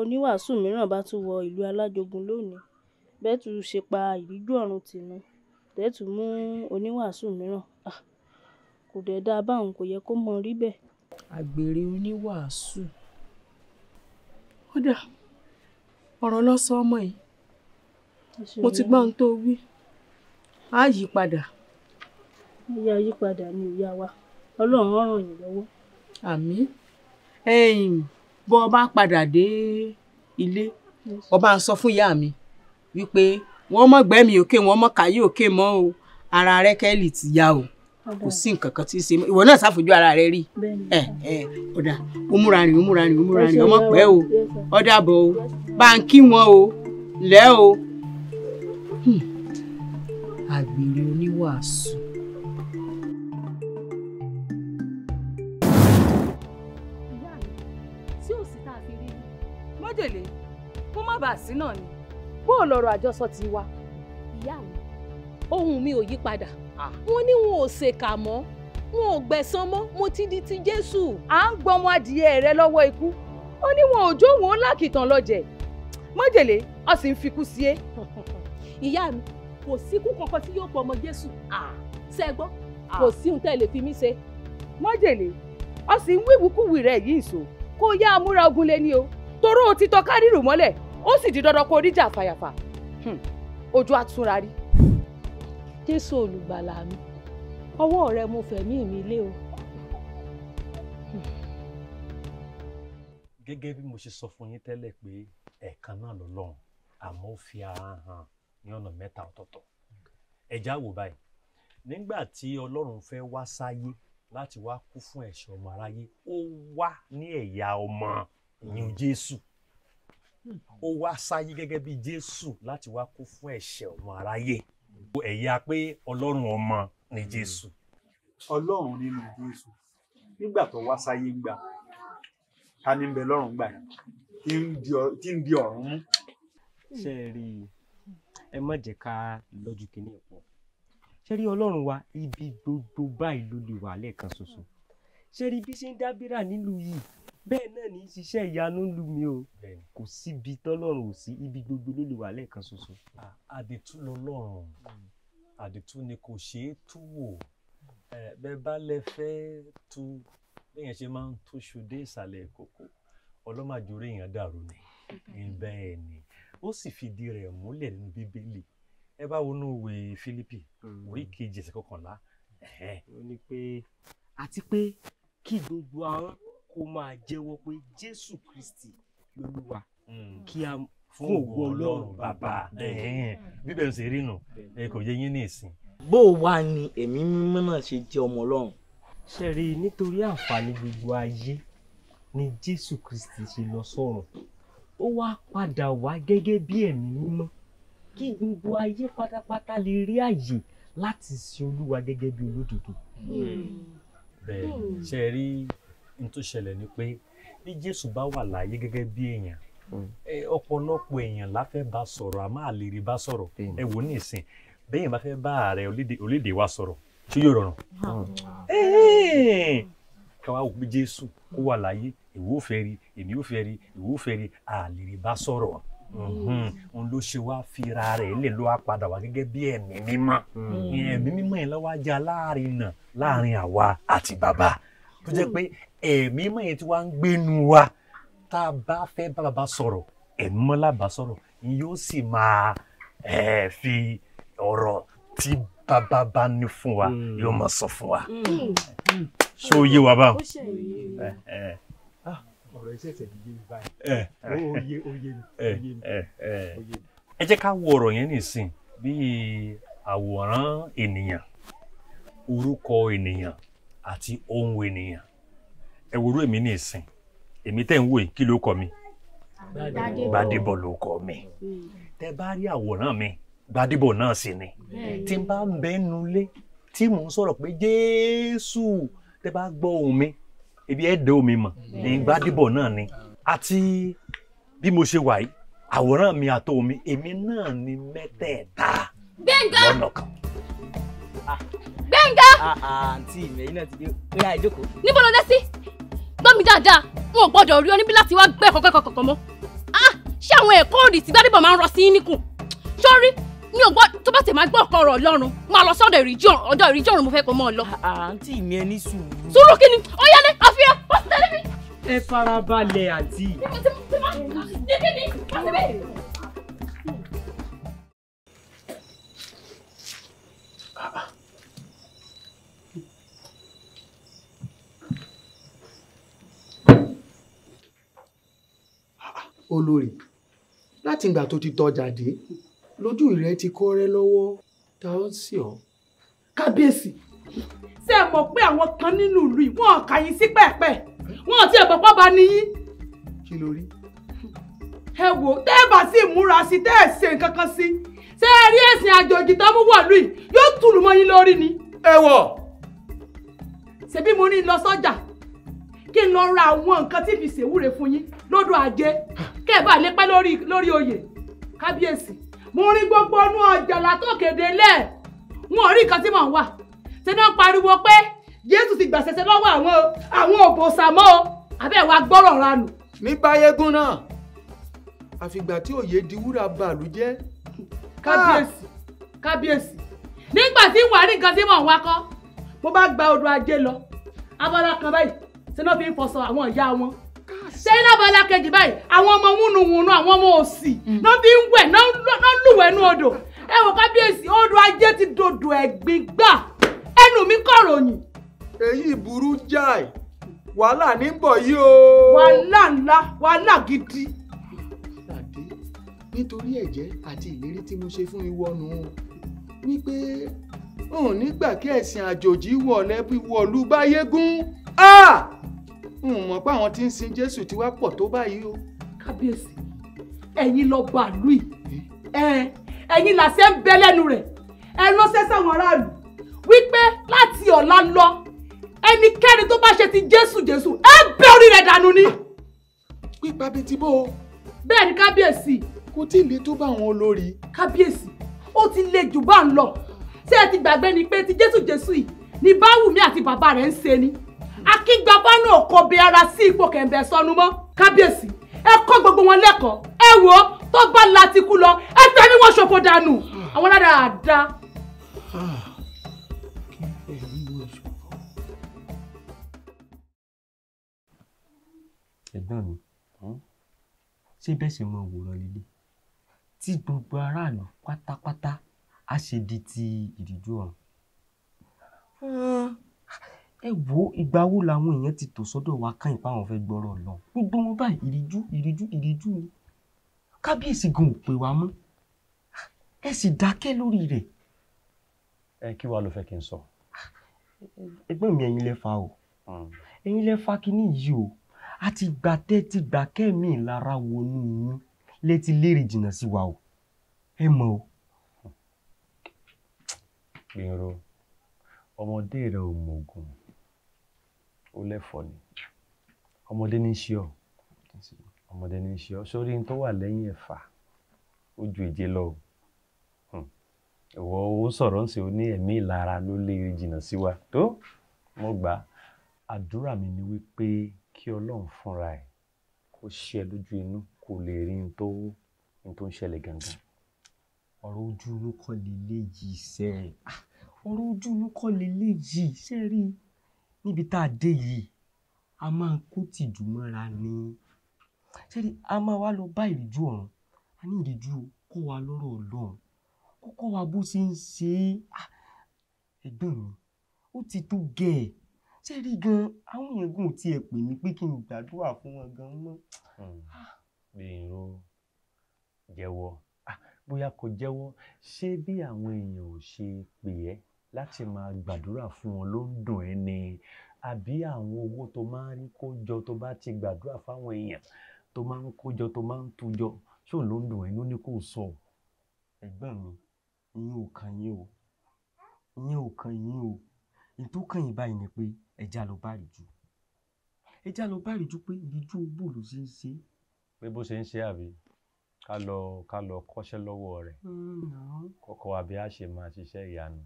oníwàásù mìíràn bá tún wọ ìlú alájogun lónìí bẹ́ẹ̀ tún ṣe pa ìríjú ọ̀run tì ní bẹ́ẹ̀ tún mú oníwàásù mìíràn kò dẹ̀ dáa báwọn kò yẹ kó mọ rí bẹ́ẹ̀. àgbèrè oníwàásù ó dà ọ̀rọ̀ lọ́sọ̀ ọmọ yìí mo ti gbọ́ ohun tó wí á yí padà. ìyá yí padà ni ìyá wa ọlọ́run ó ràn yín lọ́wọ́. àmì bọ́ ọ bá padà dé ilé ọba sọ fún ìyá mi wípé wọ́n mọ̀ gbẹ́mí òkè wọ́n mọ̀ káyé òkè mọ́ o ara rẹ́kẹ́lì ti yá o kò sí nǹkan kan tí ń ṣe ìwọ náà ṣàfojú ara rẹ rí ẹ ẹ ọ̀dà ó múra rìn ó múra rìn ó múra rìn ọmọ pẹ́ o ọ̀dà bọ̀ o bá ń wọn o lẹ́ o. Hmm. àgbèrè oníwàásù. májèlé kó má bàa sí náà ni. bó o lọ̀rọ̀ àjọsọ ti wa ìyá mi ohun mi ò yí padà. Ah. wọ́n ní wọn ò ṣèkà mọ́ wọn ò gbẹ̀san mọ́ mo ti di ti Jésù. à ń gbọmọ adìyẹ rẹ lọ́wọ́ ikú ó ní wọn ò jó wọn lákìtàn lọ́jẹ̀ májèlé a sì ń fikú sí é. ìyá mi kò síkú kankan tí yóò pọ ọmọ Jésù ṣe gbọ́ kò sí ohun tẹ́ lè fi mí ṣe. májèlé a sì ń wíwúkúwì rẹ yìí ìṣó kó yá amúra ogun lé ní o toró o ti tọ́ kárìrù mọ́lẹ̀ ó sì di dandan kó ríjà fàyàfà hmm. ojú àtúnra rí jésù olùgbàlà mi ọwọ́ rẹ mo fẹ̀mí mi lé o. gẹ́gẹ́ bí mo ṣe sọ fún yín tẹ́lẹ̀ pé ẹ̀ẹ̀kan náà lọ́lọ́run àmọ́ ó fi ara hàn ní ọ̀nà mẹ́ta ọ̀tọ̀ọ̀tọ̀ ẹ̀já wò báyìí nígbà tí ọlọ́run fẹ́ wá sáyé láti wá kú fún ẹ̀ṣẹ̀ ọmọ aráyé ó wá ní ẹ̀yà ọmọ ìyún jésù ó wá sáyé gẹ́gẹ́ bí jésù láti wá kú fún ẹ̀ṣẹ̀ ọmọ aráyé. ẹ̀yà pé ọlọ́run ọmọ ni mm. jésù. ọlọ́run nínú jésù nígbà tó wá sáyé gbà ta ni ń bẹ lọ́run gbà tí ń di ọ̀run mú. ṣe é rí i ẹ má jẹ́ ká lọ́jọ́ kínní pọ̀ ṣe rí ọlọ́run wa ibi gbogbo báyìí ló lè wà lẹ́ẹ̀kan ṣoṣo ṣe rí bí ṣe ń dábìrà nílùú yìí bẹ́ẹ̀ náà ní ṣiṣẹ́ ìyanu ń lù mí o kò síbi tọ́lọ́run ò sí ibi gbogbo ló lè wà lẹ́ẹ̀kan ṣoṣo. àdìtú lọ́lọ́run àdìtú ni kò ṣeé tú wò bẹ́ẹ̀ bá lẹ fẹ́ tu bẹ́ẹ̀ ṣe máa ń tóṣù dé ìsàlẹ̀ ìkòkò ọlọ́màjòrè èèyàn dàrú ni bẹ́ẹ̀ ni ó sì fìdí rẹ̀ múlẹ̀ nínú bíbélì ẹ bá wọnú ìwé Fílípì hmm. orí kejì ẹsẹ̀ kọkànlá. ó ní pé àti pé kí gbogbo àwọn kó máa jẹ́wọ́ pé Jésù Kristi lolúwa hmm. kí a fún ògo Ọlọ́run bàbá bíbẹ̀ ṣe rí nù kò yẹ yín ní ìsìn. bó o wá ni ẹ̀mí mímọ́ náà ṣe jẹ́ ọmọ Ọlọ́run. ṣe rí i nítorí àǹfààní gbogbo ayé ni Jésù Kristi ṣe lọ sọ́run ó wá padà wá gẹ́gẹ́ bí ẹ̀mí mímọ́ kí gbogbo ayé pátápátá lè rí àyè láti sin Olúwa gẹ́gẹ́ bí olódodo. bẹ́ẹ̀ hmm. ṣe n tó ṣẹlẹ̀ ni pé bí Jésù bá wà láàyè gẹ́gẹ́ bí èèyàn hmm. ọ̀pọ̀lọpọ̀ èèyàn la bá sọ̀rọ̀ àmọ́ àlèrè bá sọ̀rọ̀ ẹ wò ní ìsìn bẹ́yìn bá fẹ́ bá ààrẹ orílẹ̀ wa sọ̀rọ̀ tí yóò rọrùn hmm. káwa wò pé Jésù kó wà láàyè ìwọ ò fẹ́ rí èmi ò fẹ́ rí ìwọ ò fẹ́ rí àlèrè bá sọ̀rọ̀ òun hmm. ló ṣe wá fira rẹ̀ lè ló wá padà wá gẹ́gẹ́ bí ẹ̀mí mímọ́ ẹ̀mí mímọ́ yẹn ló wá láàrin náà láàrin àwa àti bàbá tó jẹ́ pé ẹ̀mí mọ̀ yẹn tí wàá ń gbénu wa tá a bá fẹ́ bá bàbá sọ̀rọ̀ ẹ̀mí mọ́ làbá sọ̀rọ̀ yóò sì máa fi ọ̀rọ̀ tí bàbá bá ní fún wa mm. yóò máa sọ fún wa mm. ṣé ó yé wa báwọn. Ah, ọ̀rọ̀ iṣẹ́ ìṣẹ̀lẹ̀ yé mi báyìí ó yé ó yé mi ó yé mi ó yé mi. ẹ jẹ́ ká wo ọ̀rọ̀ yẹn nìsín bíi àwòrán ènìyàn orúkọ ènìyàn àti ohun ènìyàn ẹ wo irú èmi ní ìsìn èmi tẹ́ ń wò yìí kí ló kọ mi Gbádébọ̀ ló kọ mi tẹ bá rí àwòrán mi Gbádébọ̀ náà sì ni tí n bá ń bẹ nu ilé tí mò ń sọ̀rọ̀ pé Jésù tẹ bá gbọ́ ohùn mi ebi ẹ̀ dẹ́ omi mọ̀ ní Gbádébọ̀ náà ni àti bí mo ṣe wà yìí àwòrán mi àtọ omi èmi náà ni mẹ́tẹ̀ẹ̀ta lọ́nà kan. Ah gbẹ̀ngà. àǹtí ah, ah, mi ẹ̀yin náà ti dé ó yá ìjókòó. níbo ló dé sí gbọ́ mi dáadáa n ò gbọ́dọ̀ rí ọ níbí láti wá gbẹ́ kọ́kọ́ kọ̀ọ̀kan mọ́ ah, ṣé àwọn ẹ̀kọ́ òdì tí gbádùn máa ń rọ sí í níkùn sórí mi ò gbọ́ tó bá tẹ̀ máa gbọ́ ọ̀kọ́ ọ̀rọ̀ ọlọ́run máa lọ sọ́dọ̀ ọ̀dọ̀ ìrìjì ọ̀run mo fẹ́ kó mọ́ ọ lọ. àǹtí mi ẹ ní sùúrù. sùúrù kí ni ó yẹlé àfihàn ó ti tẹ́lẹ̀ mi. ẹ farabalẹ̀ àǹtí. olórí láti ìgbà tó ti tọjà dé lójú rẹ ti kọ́ rẹ lọ́wọ́ ta ó sì ọ́. kábíyèsí ṣé ẹ mọ̀ pé àwọn kan nínú ìlú yìí wọ́n kà yín sí pẹ̀pẹ̀ wọ́n ti ẹ̀bọ̀ pọ́ba niyín. kí ló rí. ẹ wò tẹ́ ẹ bá sì múra sí tẹ́ ẹ ṣe nǹkan kan sí ṣé ẹ rí ẹ̀sìn àjòjì tó mú wọ̀lú yìí yóò tùlù mọ́ yín lórí ni. ẹ wọ. ṣebí mo ní lọ sọ́jà kí n lọ ra àwọn nǹkan tí fi ṣèwúre fún yín lọ́dọ̀ ajé kẹ́ẹ̀bá lè pẹ́ lórí lórí oyè kábíyèsí mo rí gbogbo inú ọjà látọ̀kèdè lẹ̀ wọn ò rí nǹkan tí mò ń wà ṣe náà pariwo pé Jésù ti gbàṣẹṣẹ lọ́wọ́ àwọn àwọn òbòsàmọ́ abẹ́ wa gbọ́rọ̀ ranù. ní báyégún náà àfìgbà tí òye di wúrà bàálù jẹ́. kábíyèsí ah! kábíyèsí nígbà tí wàá rí nǹkan tí mò ń wá kọ́ mo bá gba odò ajé lọ abala kan báyìí ṣe náà fi ń fọṣọ àwọn ìyá wọn sẹ́yìn náà bá lákejì báyìí àwọn ọmọ wúnúwúnú àwọn ọmọ òsì mm. náà fi ń wẹ̀ náà lùwẹ̀ ní odò ẹ wò kábíyèsí odò ajé ti dòdò ẹ̀gbin gbà ẹnu mi kọ̀ròyìn. èyí burú jáì wàhálà ní bọ̀ yìí o. wàhálà ńlá wàhálà gidi. àdé nítorí ẹ̀jẹ̀ àti ìlérí tí mo ṣe fún ìwọ nù wípé òun nígbà kí ẹ̀sìn àjòjì wọlé wọlú bá yégún. Ah! n ò mọ̀ pé àwọn tí ń sin jésù ti wá pọ̀ tó báyìí o. kábíyèsí ẹ̀yin lọ bá àlú yìí ẹ̀yin làṣẹ ń bẹ lẹ́nu rẹ̀ ẹ ránṣẹ́ sáwọn aráàlú wípé láti ọ̀la lọ ẹnikẹ́ni tó bá ṣe ti jésù jésù ẹ bẹ́ orí rẹ̀ dànù ni. pípa bíi ti bó o. bẹ́ẹ̀ ni kábíyèsí. kò tí ì le tó bá àwọn olórí. kábíyèsí ó ti le jù bá ń lọ ṣé ẹ ti gbàgbé ni pé ti jésù jésù yìí ni báwùmí àti bàbá rẹ̀ ń ṣe ni akíngbapá náà kò bí ara sí ipò kẹ̀ǹbẹ̀ sọnù mọ́ kábíyèsí ẹ kọ́ gbogbo wọn lẹ́kọ̀ọ́ ẹ wò ó tó bá láti kú lọ ẹ tẹ̀mí wọn ṣòfò dànù àwọn rádaràda. ẹ̀gbọ́n mi ṣé bẹ́ẹ̀ ṣe mọ òwúrọ̀ líle tí gbogbo aráàlú pátápátá á ṣe di ti ìdíjú ọ̀run ẹ wo ìgbà wo làwọn èèyàn ti tò sọ́dọ̀ wa kàn ìpá àwọn fẹ́ gbọ́rọ̀ lọ gbogbo wọn báyìí ìríjú ìríjú ìríjú ni kábíyèsí gan ò pè wá mọ́ ẹ sì dákẹ́ lórí rẹ̀. ẹ kí wàá ló fẹ́ kí n sọ. ẹgbọ́n mi ẹ̀yin lẹ fa o hmm. ẹ̀yin lẹ fa kínní yìí o a ti gbà tẹ́ ti gbà kẹ́mi lára wọnú yín létí léèrè jìnnà sí wa o ẹ mọ̀ o. gbèrò ọmọdé rẹ ò mọ̀ ògùn ó lẹ́fọ̀ọ́ ni ọmọdé ní í ṣe ọ ọmọdé ní í ṣe ọ sórí ní tó wà lẹ́yìn ẹ̀fà ó ju èje lọ hmm. ìwọ ó sọ̀rọ̀ ń ṣe ó ní ẹ̀mí ìlara ló lè jìnnà sí wa tó mo gbà àdúrà mi ni wípé kí ọlọ́run fúnra ẹ̀ kó ṣe lójú inú kó lè rí n tó n tó ń ṣẹlẹ̀ gangan. ọ̀rọ̀ ojú inú kọ́ lélẹ́yìí sẹ́ẹ̀ ah, ọ̀rọ̀ ojú inú kọ́ lélẹ́yìí sẹ́ẹ̀ rí i níbi tá a dé yìí a máa kó tìjú mọ́ra ni ṣé a máa wá lọ bá ìrìjú ọ̀run a ní ìrìjú kọ́ wa lọ́rọ̀ ọlọ́run kó kọ́ wa bó ṣe ń ṣe é ẹ̀gbọ́n mi ó ti tó gẹ̀ ṣé rí gan àwọn èèyàn gùn tiẹ̀ pè mí pé kí n gbàdúrà fún wọn gan mọ́. gbèrò hmm, jẹ́wọ́ bóyá kò jẹ́wọ́ ṣé bí àwọn èèyàn ò ṣe pè ẹ́ láti máa gbàdúrà fún wọn ló ń dùn ẹ́ ni àbí àwọn owó tó máa ń rí kó jọ tó bá ti gbàdúrà fáwọn èèyàn tó máa ń kó jọ tó máa ń tu jọ ṣó ló ń dùn ẹ́ ló ní kó sọ ẹ̀gbọ́n mi ìyẹn ò kàn yín o ìyẹn ò kàn yín o ní tó kàn yín báyìí ni pé ẹja lọ bá rí ẹja lọ bá rí jù pé ìrìjú owó ló ṣe ń ṣe. pé bó ṣe ń ṣe àbí ká lọ ká lọ kọ́ṣẹ́ lọ́wọ́ rẹ̀ hmm, kọ́kọ́ àbí a ṣe máa ṣiṣẹ́ ìyanu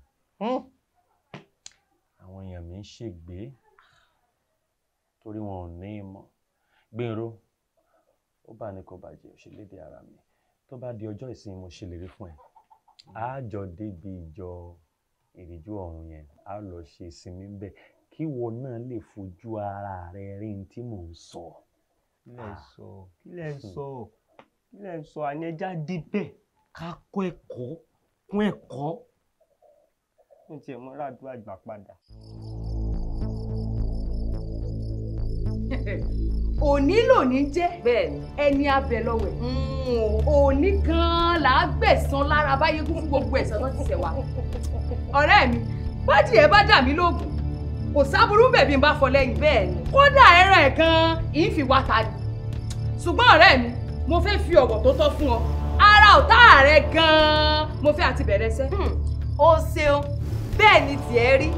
àwọn èèyàn mi ń ṣègbè torí wọn ò ní ìmọ̀ gbèrò ó bá ní kó bàjẹ́ òṣèlédè ara mi tó bá di ọjọ́ ìsinmi mo ṣèlérí fún ẹ á jọ débi ìjọ ìrìjú ọ̀run yẹn á lọ ṣe ìsinmi bẹ́ẹ̀ kí ìwọ náà lè fojú ara rẹ rí n tí mò ń sọ. kí lẹ ah. sọ kí lẹ hmm. sọ kí lẹ sọ àyẹn já ká kọ́ ẹ̀kọ́ kún ẹ̀kọ́ ní tiẹ̀ mọ́ ràdúrà gbà padà. òní lòní jẹ́ ẹni abẹ lọ́wẹ̀ hmm. òní gan-an là á gbẹ̀san lára báyé kún fún gbogbo ẹ̀san tó ti ṣẹ̀ wá. ọ̀rẹ́ mi bájì ẹ bá dà mí lóògùn kò sábúrú bẹ̀bí ń bá fọ lẹ́yìn bẹ́ẹ̀ ni kódà ẹran ẹ̀ gan-an ìfìwà ta ni ṣùgbọ́n ọ̀rẹ́ mi mo fẹ́ fi ọ̀wọ̀ tó tọ́ fún ọ ara ọ̀tá rẹ gan-an mo fẹ́ àti bẹ̀rẹ̀ sẹ́. o hmm. ṣeun bẹ́ẹ̀ ni tiẹ̀ rí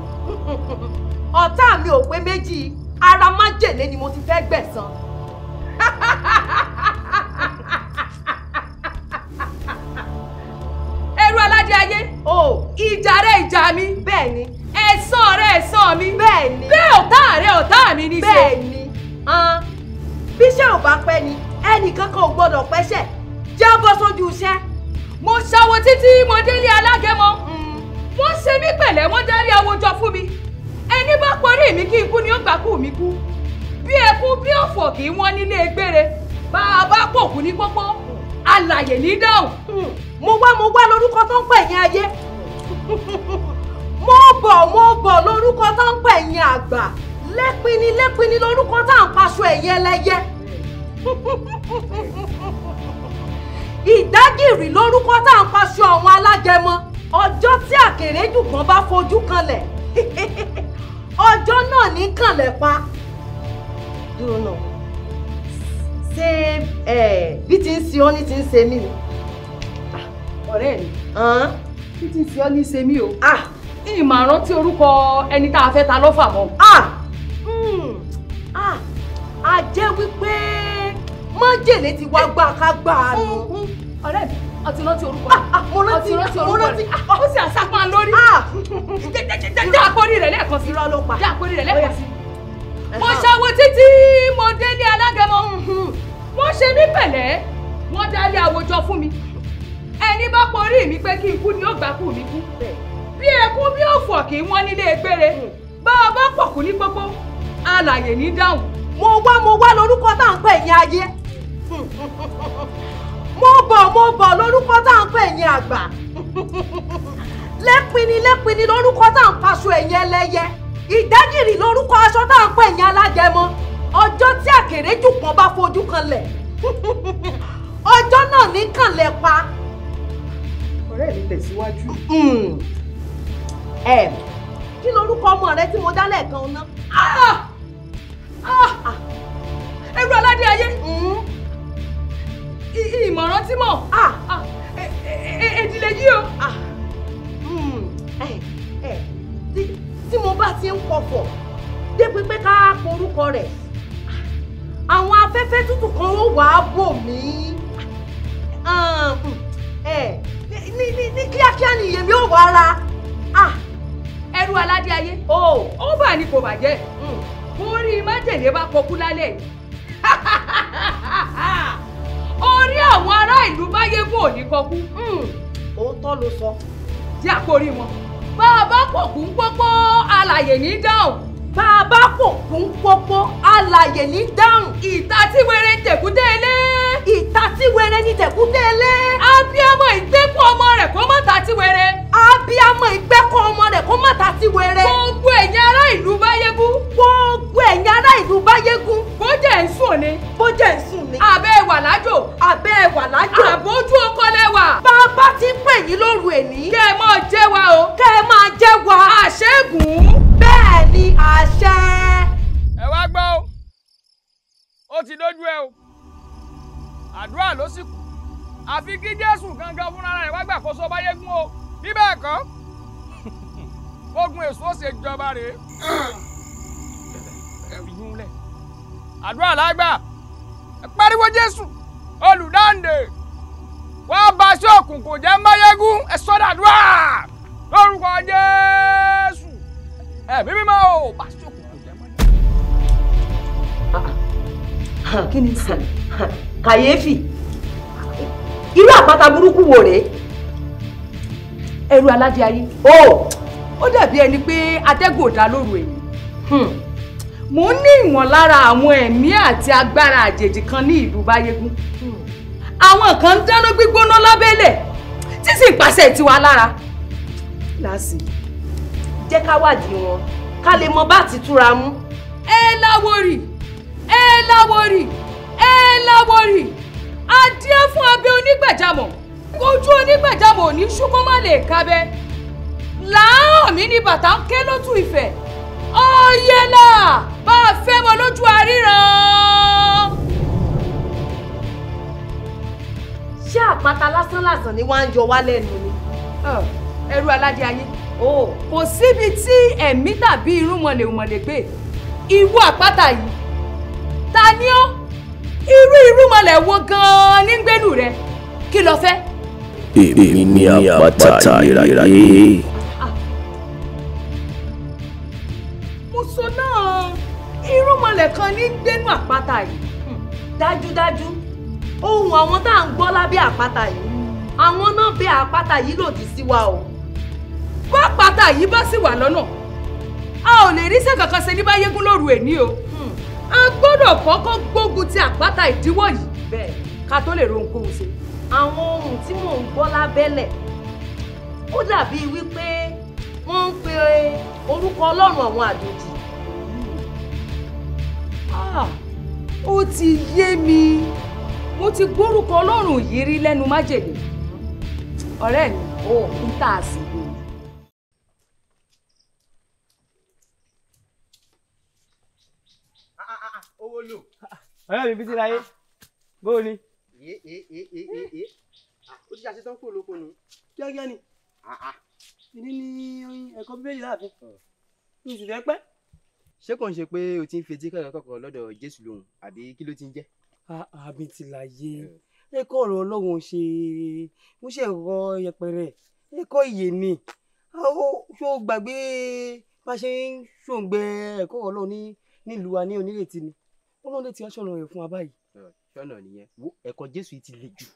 ọ̀tá mi ò pé méjì ara májèlé ni mo ti fẹ́ gbẹ̀san. ẹrú aládé ayé o ìjà rẹ ìjà mi bẹ́ẹ̀ ni ẹ̀san rẹ ẹ̀san mi bẹ́ẹ̀ ni bẹ́ẹ̀ ọ̀tá rẹ ọ̀tá mi ní bẹ́ẹ̀ ni bí iṣẹ́ ò bá pẹ́ ni ẹnìkan kan ò gbọ́dọ̀ pẹ́ṣẹ̀ jẹ́ bọ́ sójú iṣẹ́ mo ṣàwọ̀ títí mo délé alágẹmọ wọ́n ṣe mí pẹ̀lẹ́ wọ́n darí awojọ fún mi ẹni bá parí mi kí ikú ni ó gbà kú mi kú bí ẹkú bí ọ̀fọ̀ kì í wọ́n nílé gbére bá a bá pòkú ní pọ́pọ́ alàyè ní dáhùn. mo wá mo wá lórúkọ tó ń pè yín ayé mo bọ̀ mo bọ̀ lórúkọ tó ń pè yín àgbà lépinni lépinni lórúkọ tá ń paṣọ ẹ̀yẹ lẹ́yẹ ìdágìrì lórúkọ tá ń paṣọ àwọn alágẹmọ ọjọ́ tí àkèrèjù kan bá fojú kanlẹ̀ ọjọ́ náà ní kanlẹ̀ pa dúró náà ṣé bí ti ń ṣe ọ́ ní ti ń ṣe mí ni ah, ọ̀rẹ́ mi bí ti ń ṣe ọ́ ní ṣe mí o ìmọ̀ràn ah! tí orúkọ ẹni tá a fẹ́ ta lọ́fà mọ́. Ah! Hmm. a jẹ́ wípé májèlé ti wá gbà ká gbà á nù. ọ̀rẹ́ mi ọtí rántí orúkọ rẹ ọtí ah, ah, rántí orúkọ rẹ ah, ó sì àsápá lórí dá àpórí rẹ lẹ́ẹ̀kan sí dá àpórí rẹ lẹ́ẹ̀kan sí. mo ṣàwo títí mo délé alágẹmọ wọ́n ṣe mí pẹ̀lẹ́ wọ́n dálé àwòjọ fún mi ẹni bá porí mi pé kí n kú ni ó gbà kú mi kú bí ẹkún bí òfò kì í wọ́n nílé gbére bá a bá pọ̀kú ní pópó alàyè ní dáhùn. mo wá mo wá lórúkọ tá à ń pè ní ayé mo bọ̀ mo bọ̀ lórúkọ tá à ń pè yín àgbà lẹ́pinni lẹ́pinni lórúkọ tá à ń paṣọ ẹ̀yìn ẹlẹ́yẹ ìdájìrì lórúkọ aṣọ tá à ń pè yín alájẹmọ ọjọ́ tí àkèrè jù pọ̀ bá fojú kanlẹ̀ ọjọ́ náà ní kànlẹ̀ pa. ọ̀rẹ́ mi tẹ̀síwájú. ẹ kí lorúkọ ọmọ rẹ tí mo dá lẹ́ẹ̀kan ná. Ah! Ah! Ah! ẹrú aládé ayé. Mm-hmm ìmọ̀ràn tí mọ̀ èdìlẹ̀ yìí o. tí mo bá ti ń pọ̀fọ̀ dé pípẹ́ ká porúkọ rẹ̀ àwọn afẹ́fẹ́ tútù kan ó wàá bò mí hmm, ní kíákíá ni ìyèmí ò wá ra ah! ẹrú aládé ayé ó bà ní kò bàjẹ́ kó hmm. rí májèlé bá pọkú lálẹ́ yìí orí àwọn ará ìlú báyégún òní kọkú hmm. òótọ́ ló sọ jẹ́ àkórí wọn bá a bá pọ̀ kú ń pọ́pọ́ alàyè ní dáhùn bá a bá pò kún pópó alàyè ní dáhùn ìtatíwere tẹ̀kútẹ́ ilé. ìtatíwere ní tẹ̀kútẹ́ ilé. abiyamọ ìgbẹ́kọ̀ ọmọ rẹ̀ kó má tatíwere. abiyamọ ìgbẹ́kọ̀ ọmọ rẹ̀ kó má tatíwere. gbogbo ẹ̀yin ará ìlú báyégún. gbogbo ẹ̀yin ará ìlú báyégún. bójẹ̀ ń sùn ni. bójẹ̀ ń sùn ni. àbẹ́ wà lájò. àbẹ́ wà lájò. àbójú ọkọ lẹ́wà. bá a ti pè yín lóru èní. kẹ́ ẹ máa jẹ́ wa o. kẹ́ ẹ máa jẹ́ wa. àṣẹ́gun bẹ́ẹ̀ ni àṣẹ. ẹ wá gbọ́ o ó ti dójú ẹ o àdúrà ló sì kù àfi kí jésù gangan fúnra rẹ̀ wá gbàkóso báyé gún o bí bẹ́ẹ̀ kọ́ ogun èso ó ṣe jọba rèé ìyúnlẹ̀ àdúrà lágbà pariwo jésù olùdáǹdè wàá bá aṣọ òkùnkùn jẹ́ mayégún ẹ̀ sọ́dọ̀ àdúrà lórúkọ jésù ẹ̀mí mímọ́ ò bá ṣòkòkò jẹ́ mọ́. kí ni sẹ́yìn kàyéfì irú àpáta burúkú wo rèé ẹrù aládé ayé o ó dàbí ẹni pé atẹ́gùn ò dá lóru èyí hmm. mo ń ní ìmọ̀lára àwọn ẹ̀mí àti agbára àjèjì kan ní ìlú báyégún hmm. àwọn kan ń dáná gbígbóná lábẹ́lẹ̀ tí sì pàṣẹ tiwa lára láàsì jẹ́ ká wádìí wọn ká lè mọ bá ti túra mú. ẹ láworì ẹ láworì ẹ láworì adé fún abẹ onígbàjámọ̀ ojú onígbàjámọ̀ ò ní ṣùkọ́ má lè kábẹ́ làárọ̀ mi ni bàtà ń ké lótú ìfẹ́ ọ̀yẹ́là bá a fẹ́ mọ lójú àríran. ṣé àpáta lásán lásán ni wọ́n á ń yọ wá lẹ́nu ni ẹrú aládé ayé kò síbi tí ẹ̀mí tàbí irú mọ̀lẹ̀ mọ̀lẹ̀ gbé ìwú àpáta yìí ta ni ọ́ irú irú mọ̀lẹ̀ wo gan-an ní gbẹ́lú rẹ kí lo fẹ́. èmi ni àpáta ayérayé. mo sọ náà irú mọ̀lẹ̀ kan ní gbẹ́nu àpáta yìí hmm. dájúdájú ohun àwọn tá à ń gbọ́ lábẹ́ àpáta yìí àwọn náà bẹ àpáta yìí lòdì sí wa o pápátá yìí bá sì wà lọ́nà a ò lè ríṣẹ́ kankan ṣe ní bá yégún lóru èní o hmm. a gbọ́dọ̀ kọ́kọ́ gbógun ti àpáta ìdíwọ́ yìí bẹ́ẹ̀ ká tó lè rohunkóhun ṣe. àwọn ohun tí mò ń gbọ́ lábẹ́lẹ̀ ó dàbí wípé wọ́n ń pe orúkọ ọlọ́run àwọn àjòjì. Ah, ó ti yé mi mo ti gbórúkọ ọlọ́run yìí rí lẹ́nu májèlé ọ̀rẹ́ mi ò kúta sí i. ọ̀rẹ́ mi bísí láyé bó o ní. yé é é é é é ah, ó ti ṣàṣetán kúrò lóko nu kíákíá ni ìdí ah, ah. ni ẹ̀kọ́ bíbélì láàfin mi sì fẹ́ pẹ́. ṣé kò ń ṣe pé o ti ń fetí kọ̀kọ̀kọ̀ lọ́dọ̀ jésù lòun àbí kí ló ti ń jẹ́. àbí ti láyé ẹ̀kọ́ ọ̀rọ̀ ọlọ́run ṣe ń ṣe ẹ̀kọ́ yẹpẹrẹ ẹ̀kọ́ ìyè ni ṣó gbàgbé bá ṣe ń ṣòǹgbẹ ẹ̀kọ́ ọlọ́run nílùú wa ní onílẹ̀ tì ni ọlọ́run lè ti aṣọ́nà rẹ̀ fún wa báyìí. ṣọ́nà nìyẹn wo ẹ̀kọ́ jésù ti le jù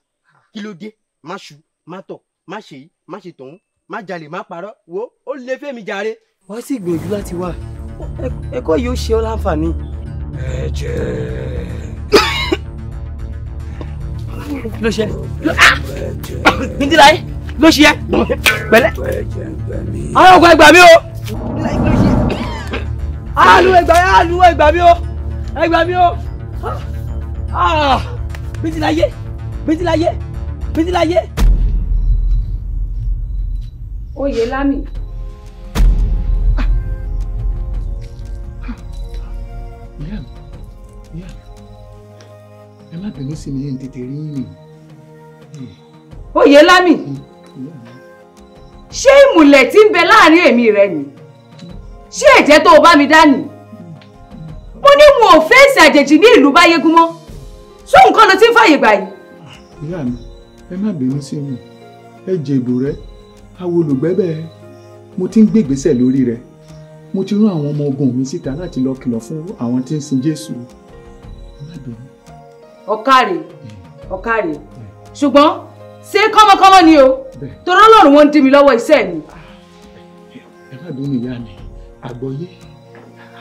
kí ló dé má ṣu má tọ̀ má ṣe yìí má ṣe tọ̀hún má jalè má parọ́ wo ó lè fẹ́mi jàre. wá sí ìgbìyànjú láti wà ẹ̀kọ́ yìí ó ṣe ọ́ láǹfààní. ẹ jẹ́ ló ṣe ah! nídìí láyé àwọn ọkọ ẹgbàá mi o àlùwẹ̀gbà mi o ẹ gbà mí o bíntìláyé ah, bíntìláyé bíntìláyé. oyè lámì. ìyá mi ìyá mi ẹ má bẹ̀rù sí mi yẹn tètè rí yín mi. oyè lámì ṣé ìmùlẹ̀ tí ń bẹ láàrin èmi rẹ ni ṣé ẹ̀jẹ̀ tó o bá mi dá nìyí mo ní wọn ò fẹ́ẹ̀sì àjèjì ní ìlú báyégún mọ́ sọ nǹkan ló ti ń fààyè gbà yìí. ìyá mi ẹ má bínú sí mi ẹ jèbù rẹ àwọn olùgbẹ́bẹ̀ mo ti ń gbègbésẹ̀ lórí rẹ mo ti rán àwọn ọmọ ogun mi síta láti lọ kìlọ̀ fún àwọn tí ń sin Jésù ẹ má bínú. ọ̀kàrè ọ̀kàrè ṣùgbọ́n ṣé kọ́mọkọ́mọ ni o torí Ọlọ́run wọn ń dí mi lọ́wọ́ iṣẹ́ mi. Ah, ẹ má bínú ìyá mi àgbọ̀yé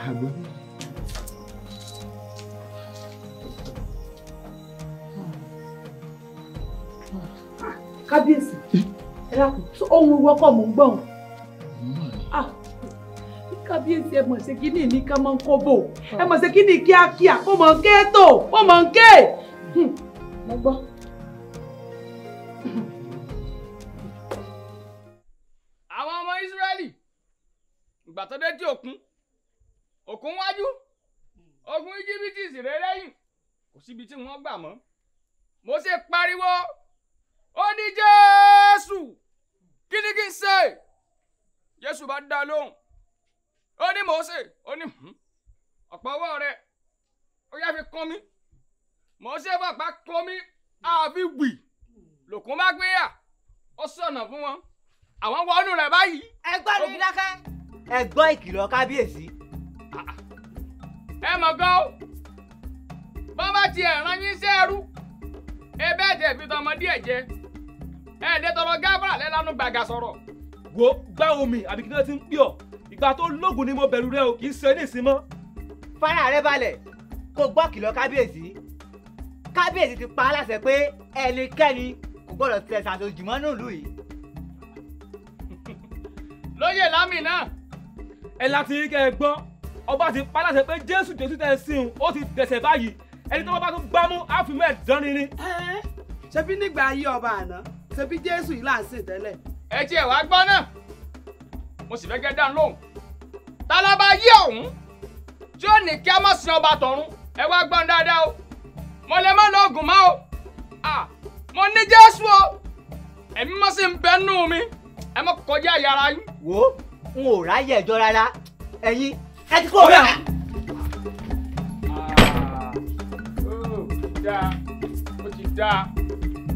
àgbọ̀yé. kábíyèsí ẹ dákun ohun wọ́kọ̀ mò ń gbọ́ ọ́n ah, kábíyèsí ẹ mọ̀ ṣe kíní ní ká máa ń kó bò ẹ mọ̀ ṣe kíní kíákíá ó mọ̀ ń ké tó ó mọ̀ ń ké. Hmm, mo gbọ́. àwọn ọmọ Ísírẹ́lì ìgbà tó dé tí òkun òkun wájú ogun íjíbítì sì rẹ lẹ́yìn kò síbi tí wọ́n gbà mọ́ mo ṣe pariwo ó ní jésù kí ni kí n ṣe jésù bá dá lóhùn ó ní Mósè ó ní hmm, ọ̀pá ọwọ́ rẹ̀ ó yá fi kán mi Mósè fọ̀pá kán mi àfi gbì lòkún bá gbé yà ó sọ̀nà fún wọn àwọn wọnú rẹ̀ báyìí. ẹgbẹ́ mi dákẹ́. ẹ gbọ́ ìkìlọ̀ kábíyèsí. ẹ mọ̀ gan o bọ́n bá tiẹ̀ rán yín sẹ́ẹ̀rú ebe ẹ̀jẹ̀ fi tọmọdé ẹ̀jẹ̀ ẹ lè tọrọ gáfárà lẹ́lánú gbàgà sọ̀rọ̀ wo gbá omi àbí kí ló ti ń pì ọ́ ìgbà tó lógun ni mo bẹ̀rù rẹ o kì í ṣe ní ìsinmi. fara rẹ balẹ̀ kó gbọ́ kìlọ̀ kábíyèsí kábíyèsí ti pa á láṣẹ pé ẹnikẹ́ni kò gbọ́dọ̀ tẹ ṣàtòjì mọ́ nílùú yìí. lóye lámì náà ẹ láti kẹ ẹ gbọ́ ọba ti pa á láṣẹ pé jésù jésù tẹ ẹ sìn ó ti dẹ̀sẹ̀ báyìí ẹni tó bá tún gbámú àfimẹ́ ìdánrin ni. ṣebí nígbà ayé ọba àná ṣebí jésù yìí là ń sè tẹ́lẹ̀. ẹ tiẹ̀ wá gbọ́ náà mo sì fẹ́ gẹ́ dáhùn lóhùn tálábà yí ọ̀hún tí ó ní kí a má sin ọba tọ̀run ẹ wá gbọ́n dáadáa o mo lè má lọ́ọ̀gùn má o mo ní jésù o ẹ̀mí mọ́ sí ń bẹ nù mi ẹ má kọjá yàrá yín. wo n ò ráyè ẹjọ́ rárá ẹ̀yin ẹ ti kó o rẹ̀. ó dáa ah, ó ti dáa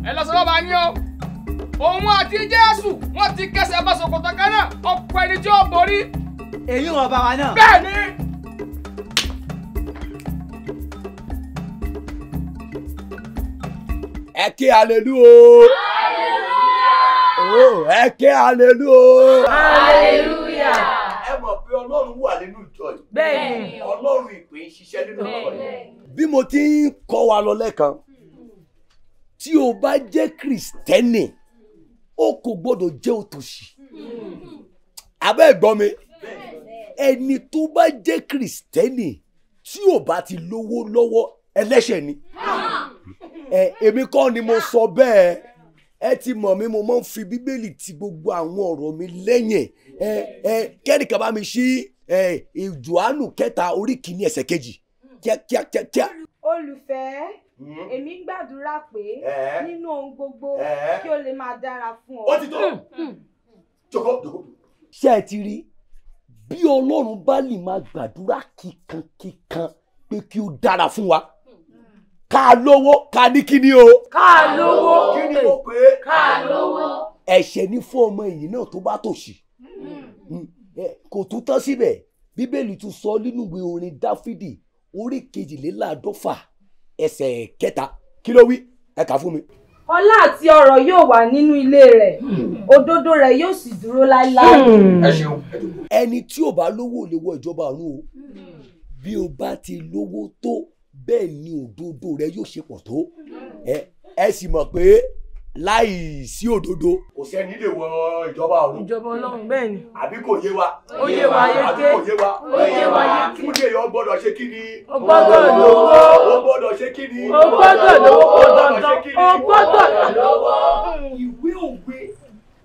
ẹ lọ sọ lọ́ba yín o òun àti jésù wọ́n ti kẹsẹ̀ bá ṣòkòtò kan náà ọ̀pọ̀ ẹni tí ó borí. èyí wọn bá wa náà. bẹ́ẹ̀ ni. ẹ ké alelu o. aleluya. Oh, ẹ ké alelu o. aleluya. ẹ mọ̀ pé ọlọ́run wà nínú ìjọ yìí. bẹ́ẹ̀ni. ọlọ́run ìpè ń ṣiṣẹ́ nínú ìjọ yìí. bí mo ti ń kọ́ wa lọ lẹ́ẹ̀kan tí o bá jẹ́ kìrìsìtẹ́nì ó kò gbọ́dọ̀ jẹ́ òtòṣì abẹ́ ẹ̀gbọ́n mi ẹni tó bá jẹ́ kìrìsìtẹ́nì tí ò bá ti lówó lọ́wọ́ ẹlẹ́ṣẹ̀ ni ẹ èmi kọ́ ni mo sọ bẹ́ẹ̀ ẹ ti mọ̀ mí mo máa ń fi bíbélì ti gbogbo àwọn ọ̀rọ̀ mi lẹ́yìn kẹ́nìkan bá mi ṣí ẹ Jòhánù kẹta orí kìíní ẹsẹ̀ kejì kíákíákíá. olùfẹ́ Hmm. èmi ń gbàdúrà pé nínú ohun gbogbo kí o lè máa dára fún ọ. ó ti tó jọkọ hmm. hmm. jọkọ. ṣé ẹ ti rí bí ọlọ́run bá lè máa gbàdúrà kíkankíkan pé kí o dára fún wa ká lówó ká ní kíní o. ká lówó kí ni mo pè é. ká lówó. ẹ̀ṣẹ̀ ní fún ọmọ èyí náà tó bá tòṣì kò tún tán síbẹ̀ bíbélì tún sọ nínú ìwé orin dáfídì orí kejìléláàádọ́fà ẹsẹ̀ kẹta kí ló wí ẹ kà fún mi. ọlá àti ọrọ̀ yóò wà nínú ilé rẹ̀ òdodo rẹ̀ yóò sì dúró láéláé. Hmm. ẹni tí ò bá lówó lè wọ ìjọba ọ̀run o bí o bá ti lówó tó bẹ́ẹ̀ ni òdodo rẹ̀ yóò ṣe pọ̀ tó ẹ sì mọ̀ pé láì sí òdodo. kò sẹ́ni lè wọ ìjọba ọ̀run. ìjọba ọlọ́run bẹ́ẹ̀ ni. àbí kò yé wa. ó yé wa yéké àbí kò yé wa. ó yé wa yéké. kúndé yọ gbọ́dọ̀ ṣe kí ni. ó gbọ́dọ̀ lówó. ó gbọ́dọ̀ ṣe kí ni. ó gbọ́dọ̀ lówó. ó gbọ́dọ̀ ṣe kí ni. ó gbọ́dọ̀ lówó. ìwé òwe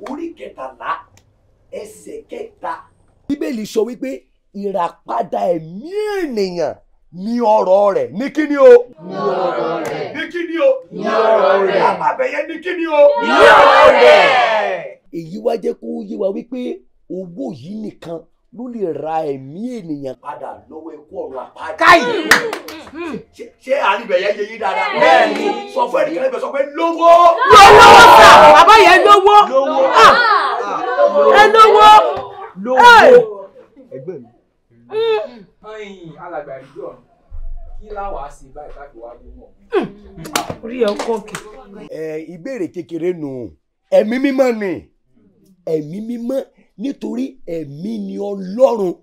orí kẹtàlá ẹsẹ̀ kẹta. bíbélì sọ wípé ìràpadà ẹ̀mí ènìyàn ní ọ̀rọ̀ rẹ̀ ní kíni o. ní ọ̀rọ̀ rẹ̀. ní kíni o. ní ọ̀rọ̀ rẹ̀. àbàbẹ̀yẹ ní kíni o. ní ọ̀rọ̀ rẹ̀. èyí wá jẹ́ kó yé wa wípé owó yìí nìkan ló lè ra ẹ̀mí ènìyàn padà lọ́wọ́ ikú ọ̀run àpáàdé. káyì. ṣé àríbẹ̀yẹ yẹ yín dáadáa. bẹ́ẹ̀ni. sọ fún ẹnìkan ẹgbẹ́ sọ pé lówó. lówó sà bàbá yẹn lówó. lówó. Ah! Ah. ẹ lówó. lówó ẹgbẹ́ mi. Mm ẹ̀yin alàgbà ìlú ọ̀run kí láwàá sí báyìí láti wá bí wọn. Hmm. orí ẹ kọ kì. ẹ ìbéèrè kékeré nù ẹ̀mí mímọ́ ni ẹ̀mí mímọ́ nítorí ẹ̀mí ni ọlọ́run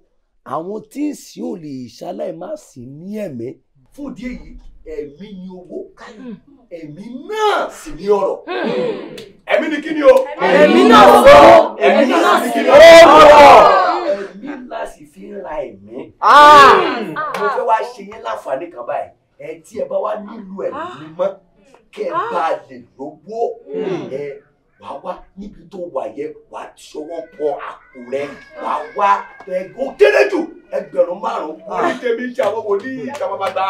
àwọn tí ń sìn ò lè ṣaláì má sìn ní ẹ̀mí fún ìdí èyí ẹ̀mí ni owó káyọ̀ ẹ̀mí náà sì ní ọ̀rọ̀ hmm. ẹ̀mí ni kí ni o ẹ̀mí náà sọ ẹ̀mí náà sì ní ọ̀rọ̀ ti fi ń ra ẹ̀mí. Ah! mo fẹ́ wá ṣe yín láǹfààní kan báyìí ẹ tí ẹ bá wá nílò ẹ̀mí ah! mọ́ kẹ́ ẹ bá ah! lè lówó hmm. ẹ wàá wá níbi tó wà yẹ wàá ṣọwọ́ pọ àpò rẹ wàá wá ẹgbẹ́ kéré jù ẹgbẹ̀rún márùn-ún kúrò tèmi ṣàwọ́wọ́ ní ìjàmbá bàbá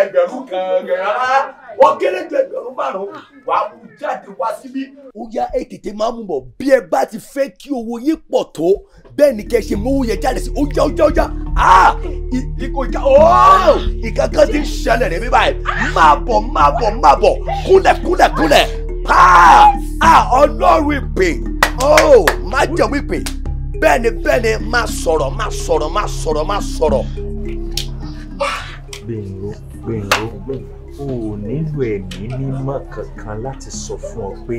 ẹgbẹ̀rún kan rárá ó kéré ju ẹgbẹ̀rún márùn-ún wà á mú jáde wá síbí. ó yá ẹ tètè máa mú bọ̀ bí ẹ bá ti fẹ́ kí owó yín pọ̀ tó bẹ́ẹ̀ ni kẹ́ ṣe mówó yẹn jáde sí ó já ó já ó já á ikú ìka ó ìkankan ti ń ṣẹlẹ̀ níbí báyìí máa bọ̀ máa bọ̀ máa bọ̀ kúnlẹ̀ kúnlẹ̀ kúnlẹ̀ paa ọlọ́run ìpè ó má jẹ̀wọ́ ìpè bẹ́ẹ̀ ni bẹ́ẹ̀ ni máa sọ̀rọ̀ máa sọ̀rọ̀ máa sọ̀rọ̀ máa sọ̀rọ̀. gbẹ̀yìn ló gbẹ̀yìn ló o ò nílò ẹ̀mí mímọ́ kankan láti sọ fún ọ pé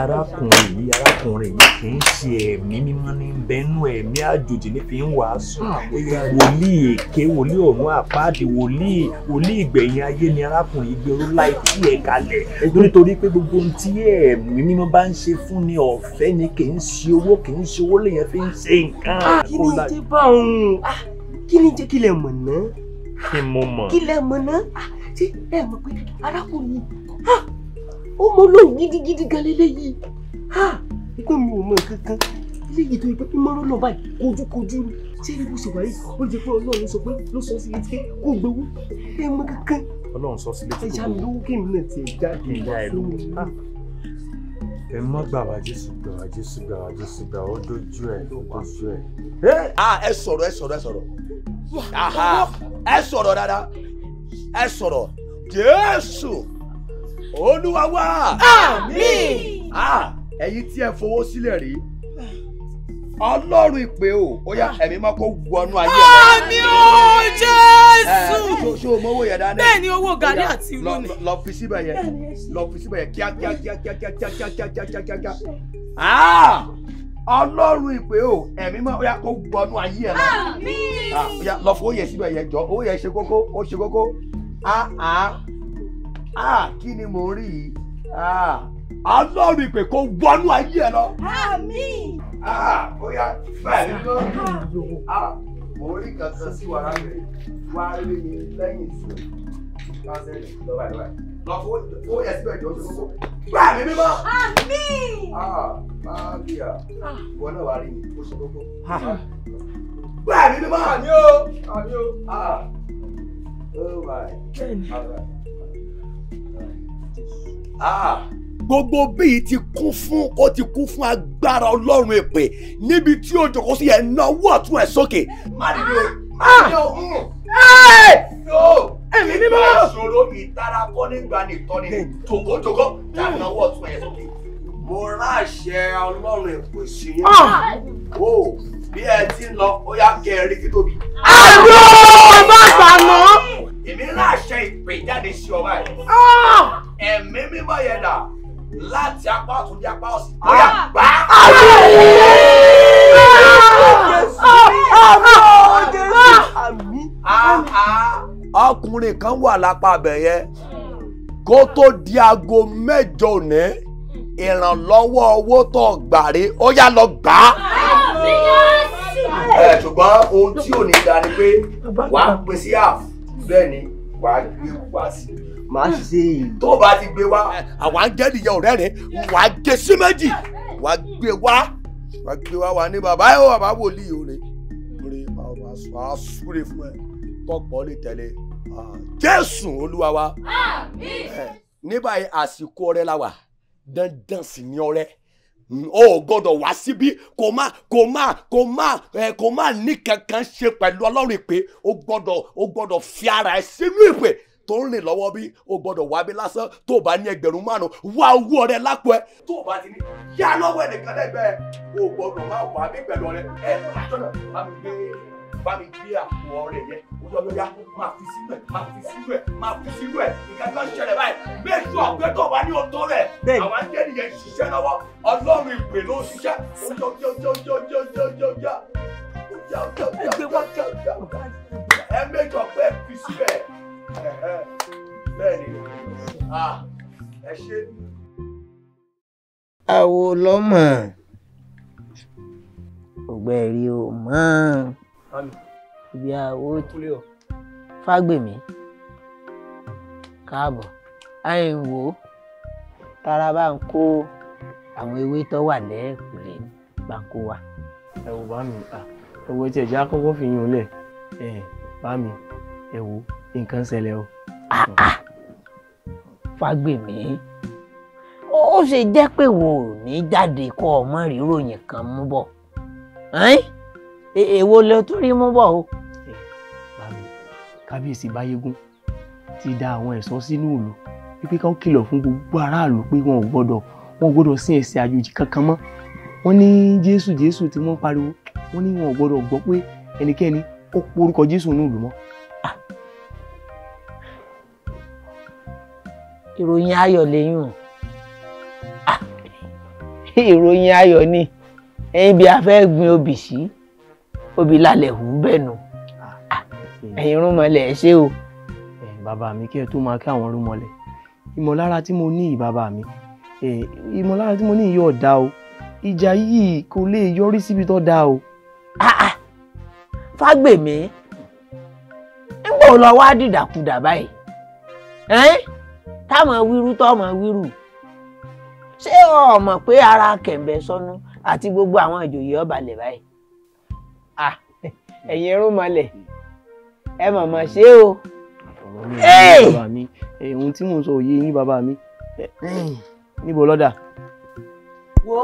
arákùnrin yìí arákùnrin yìí kì í ṣe ẹ̀mí mímọ́ ní bẹ́nu ẹ̀mí àjòjì ní fi ń wàásù wòlíì èké wòlíì ọ̀run àpáàdì wòlíì wòlíì ìgbẹ̀yìn ayé ni arákùnrin yìí gbèrú láì tí ẹ̀ kalẹ̀ nítorí pé gbogbo ohun tí ẹ̀mí mímọ́ bá ń ṣe fún ni ọ̀fẹ́ ni kì í ṣe owó kì í ṣe owó lèyàn fi ń ṣe nǹkan. Ah, kí ni jẹ́ bá òun ah, kí ni jẹ́ kí lẹ mọ̀ ná. kí mo mọ̀ ná. Ah, tí ẹ mọ̀ pé arákùnrin ó mọ lóhùn gidigidi gan lélẹ́yìí ikú mi ò mọ kankan eléyìí tó yẹ pé mọ́rọ́ náà báyìí kojúkojú ni ṣé ibi ṣe wáyé ó jẹ pé ọlọ́run sọ pé ló sọ sí létí kó gbowó ẹ mọ kankan ọlọ́run sọ sí létí kó gbowó ẹja mi lówó kí n náà tiẹ̀ jáde wá fún mi ẹ mọ gbàwá jésù gbàwá jésù gbàwá jésù gbàwá ó dojú ẹ dojú ah, ẹ. ẹ sọ̀rọ̀ ẹ sọ̀rọ̀ ẹ sọ̀rọ̀ ẹ sọ̀rọ̀ dáadáa ẹ sọ̀rọ̀ jésù olúwa wá. àmín. ẹ̀yin tí ẹ fowó sílẹ̀ rí ọlọ́run ìpè o ó yá ẹ̀mí máa kó wọnú ayé rẹ. àmín o jésù. ṣé o mọ́wó yẹn dání. bẹ́ẹ̀ ni owó gàrí àti irú ni. lọ fi síbẹ̀ yẹn lọ fi síbẹ̀ yẹn kíá kíá kíá kíá kíá kíá kíá kíá kíá kíá kíá. ọlọ́run ìpè o ẹ̀mí máa ó yá kó wọnú ayé rẹ. àmín. lọ fowó yẹn síbẹ̀ yẹn jọ owó ṣe kókó ó ṣe kókó. Ah àá àá kí ni mo rí yìí àá alọ́run ìpè kó wọnú ayé ẹ lọ. àmín. àá bóyá bẹ́ẹ̀ ni lọ́dún àá mo rí kankan sí wàrà rẹ̀ wá rí mi lẹ́yìn sí lọ́sẹ̀ lọ́wọ́ àìlọ́wọ́ lọ fún ó yẹ síbẹ̀ jọ sí kókó gbà mí mímọ́. àmín. àá máa bí a ah. ìwọ náà wà rí mi ó ṣe kókó. Ah. gbà mí mímọ́. àmín o àmín o. Ah! gbogbo bíi ti kún fún ó ti kún fún agbára ọlọ́run èpè níbi tí ó jókòó sí ẹ̀ náwó ọ̀tún ẹ̀ sókè. má dìde o má ah! dìde o. Hmm. yóò ẹ̀mí mímọ́. ìṣòro ìtara kọ́ nígbà nìtọ́ni tòkótòkó ta hmm. náwó ọ̀tún ẹ̀ sókè. mo ráṣẹ ọlọ́run èpè sí i. Ah! bí ẹ ti lọ ó yá kẹrin kí tóbi. àlọ́ ọba sàmọ́ èmi láṣẹ ìpè jáde sí ọba yìí ah! ẹ̀mí mímọ́ yẹn dà láti apá ọ̀tún dé apá òsì ah! ó yà gbá. Ah, ọkùnrin kan wà lápá abẹ yẹn kó tó di aago mẹ́jọ òní ìrànlọ́wọ́ owó tó gbàre ó yà lọ gbà á ẹ eh, ṣùgbọ́n ohun tí ò ní da ni pé wàá pèsè àfọ bẹ́ẹ̀ ni wà á gbé wá sí má ṣe tó o bá ti gbé wá. àwa ń jẹ́ nìyẹn ọ̀rẹ́ rẹ wà á jẹ sí méjì wà á gbé wá wà á gbé wá wà ní bàbá yóò bàbá wòlíì òre òre wà á súre fún ẹ tọpọ lè tẹ̀lé jésù olúwa wa ní báyìí àsìkò ọrẹ la wà dandan sì ni ọrẹ o gbọ́dọ̀ wá síbí kò má kò má kò má ẹ kò má ní kankan ṣe pẹ̀lú Ọlọ́run ìpè o gbọ́dọ̀ o gbọ́dọ̀ fi ara ẹ sínú ìpè tó ń rìn lọ́wọ́ bí o gbọ́dọ̀ wá bí lásán tó o bá ní ẹgbẹ̀rún márùn-ún wá owó rẹ lápò ẹ tó o bá ti ní yá lọ́wọ́ ẹnìkan lẹ́gbẹ̀ẹ́ o gbọ́dọ̀ má wà mí pẹ̀lú ọ̀rẹ́ ẹ lọ́jọ́ náà má mi gbé bá mi gbé àpò ọ̀rẹ́ yẹn oyọyọya máa fi sínú ẹ máa fi sínú ẹ máa fi sínú ẹ nǹkan kan ṣẹlẹ̀ báyìí méjì ọgbẹtọ wà ní ọ̀tọ̀ rẹ àwọn ajẹni yẹn ṣiṣẹ́ lọ́wọ́ Ọlọ́run ìpè ló ṣiṣẹ́ ojojojojojojojojo ẹ méjì ọgbẹ fi síbẹ̀ bẹ́ẹ̀ni ẹ ṣe. àwo lọ́mọ̀ ògbẹ́rì ò mọ̀ ọ́n ìgbéyàwó fágbèmí káàbọ̀ àyìn wò ó tara bá ń kó àwọn ewé tó wà lẹ́ẹ̀kùlé bá ń kó wa. ẹ wò bá mi ẹ wò tí ẹja kọ́kọ́ fi yín olẹ̀ ẹ bá mi ẹ wò nǹkan ṣẹlẹ̀ o. Ah, ah. fágbèmí ó ṣe jẹ́ pé wo ò ní jáde kó ọmọ ríròyìn kan mú bọ̀. E, èwo ló tún rí mú bọ̀ o. kábíyèsí báyégún ti da àwọn ẹ̀ṣọ́ sínú ìlú wípé ká kìlọ̀ fún gbogbo aráàlú pé wọn ò gbọ́dọ̀ wọn ò gbọ́dọ̀ sí ẹ̀sìn àjòjì kankan mọ́ wọ́n ní jésù jésù tí wọ́n pariwo wọ́n ní wọn ò gbọ́dọ̀ gbọ́ pé ẹnikẹ́ni ó porúkọ jésù ní ìlú mọ́. Ah. ìròyìn ayọ̀ lẹ́yìn o ah. ìròyìn ayọ̀ ni ẹ̀yin bí a fẹ́ gbin obì sí. Si obì lálẹ́ hù bẹ́ẹ̀ nù ah, ah, ẹ̀yin rúnmọlẹ̀ ẹ ṣé o. Eh, bàbá mi kí ẹ tó máa kí àwọn rúnmọlẹ̀ ìmọ̀lára tí mo ní yìí bàbá mi eh, ìmọ̀lára tí mo ní yìí ọ̀dà o ìjà yìí kò lè yọrí síbi tó dáa o. Ah, fágbèmí nígbà wo lọ wá dìdàkudà báyìí táwọn wíru tọ́mọ wíru ṣé o mọ̀ pé ara kẹ̀m̀bẹ̀ sọnù àti gbogbo àwọn ìjòyè ọba lè báyìí. ẹ̀yin irun mọ̀lẹ̀ ẹ mọ̀mọ̀ ṣe o. ohun tí mò sọ òye yín bàbá mi níbo lọ́dà. wo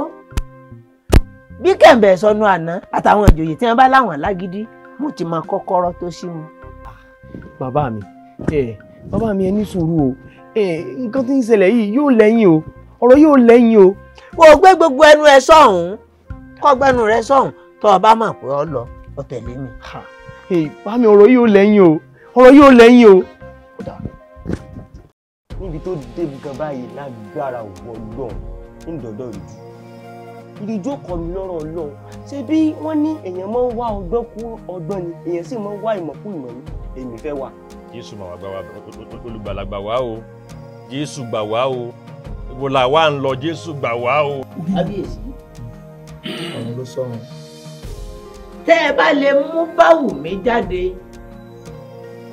bí kẹ̀mbẹ̀ sọnù àná àtàwọn ìjòyè tí wọ́n bá láwọn alágídí mo ti mọ kọ́kọ́rọ́ tó ṣí wọn. bàbá mi bàbá mi ẹni ní o nǹkan tí ń ṣẹlẹ̀ yìí yóò lẹ́yìn o ọ̀rọ̀ yóò lẹ́yìn o. kò gbé gbogbo ẹnu ẹ sọ̀hún kọ́ gbẹ́nu rẹ sọ̀hún tó o bá mọ̀ pé ọ lọ ọ tẹ̀lé mi. bámi ọ̀rọ̀ yìí ò lẹ́yìn o ọ̀rọ̀ yìí ò lẹ́yìn o. níbi tó dé gan báyìí lágbára wọlọ́ ńdọ̀dọ̀ ìdí ìdíjó kọ mi lọ́rọ̀ ọlọ́run ṣé bí wọ́n ní èèyàn máa ń wá ọgbọ́n kú ọgbọ́n ni èèyàn sì máa ń wá ìmọ̀ kú ìmọ̀ ni èmi fẹ́ wà. Jésù mà wá gbà wá olùgbàlagbà wá o Jésù gbà wá o ìwòlà wa ń lọ Jésù gbà wá o. kábíyèsí ọ̀run ló sọ̀rọ̀. tẹ́ ẹ bá lè mú Báwùmí jáde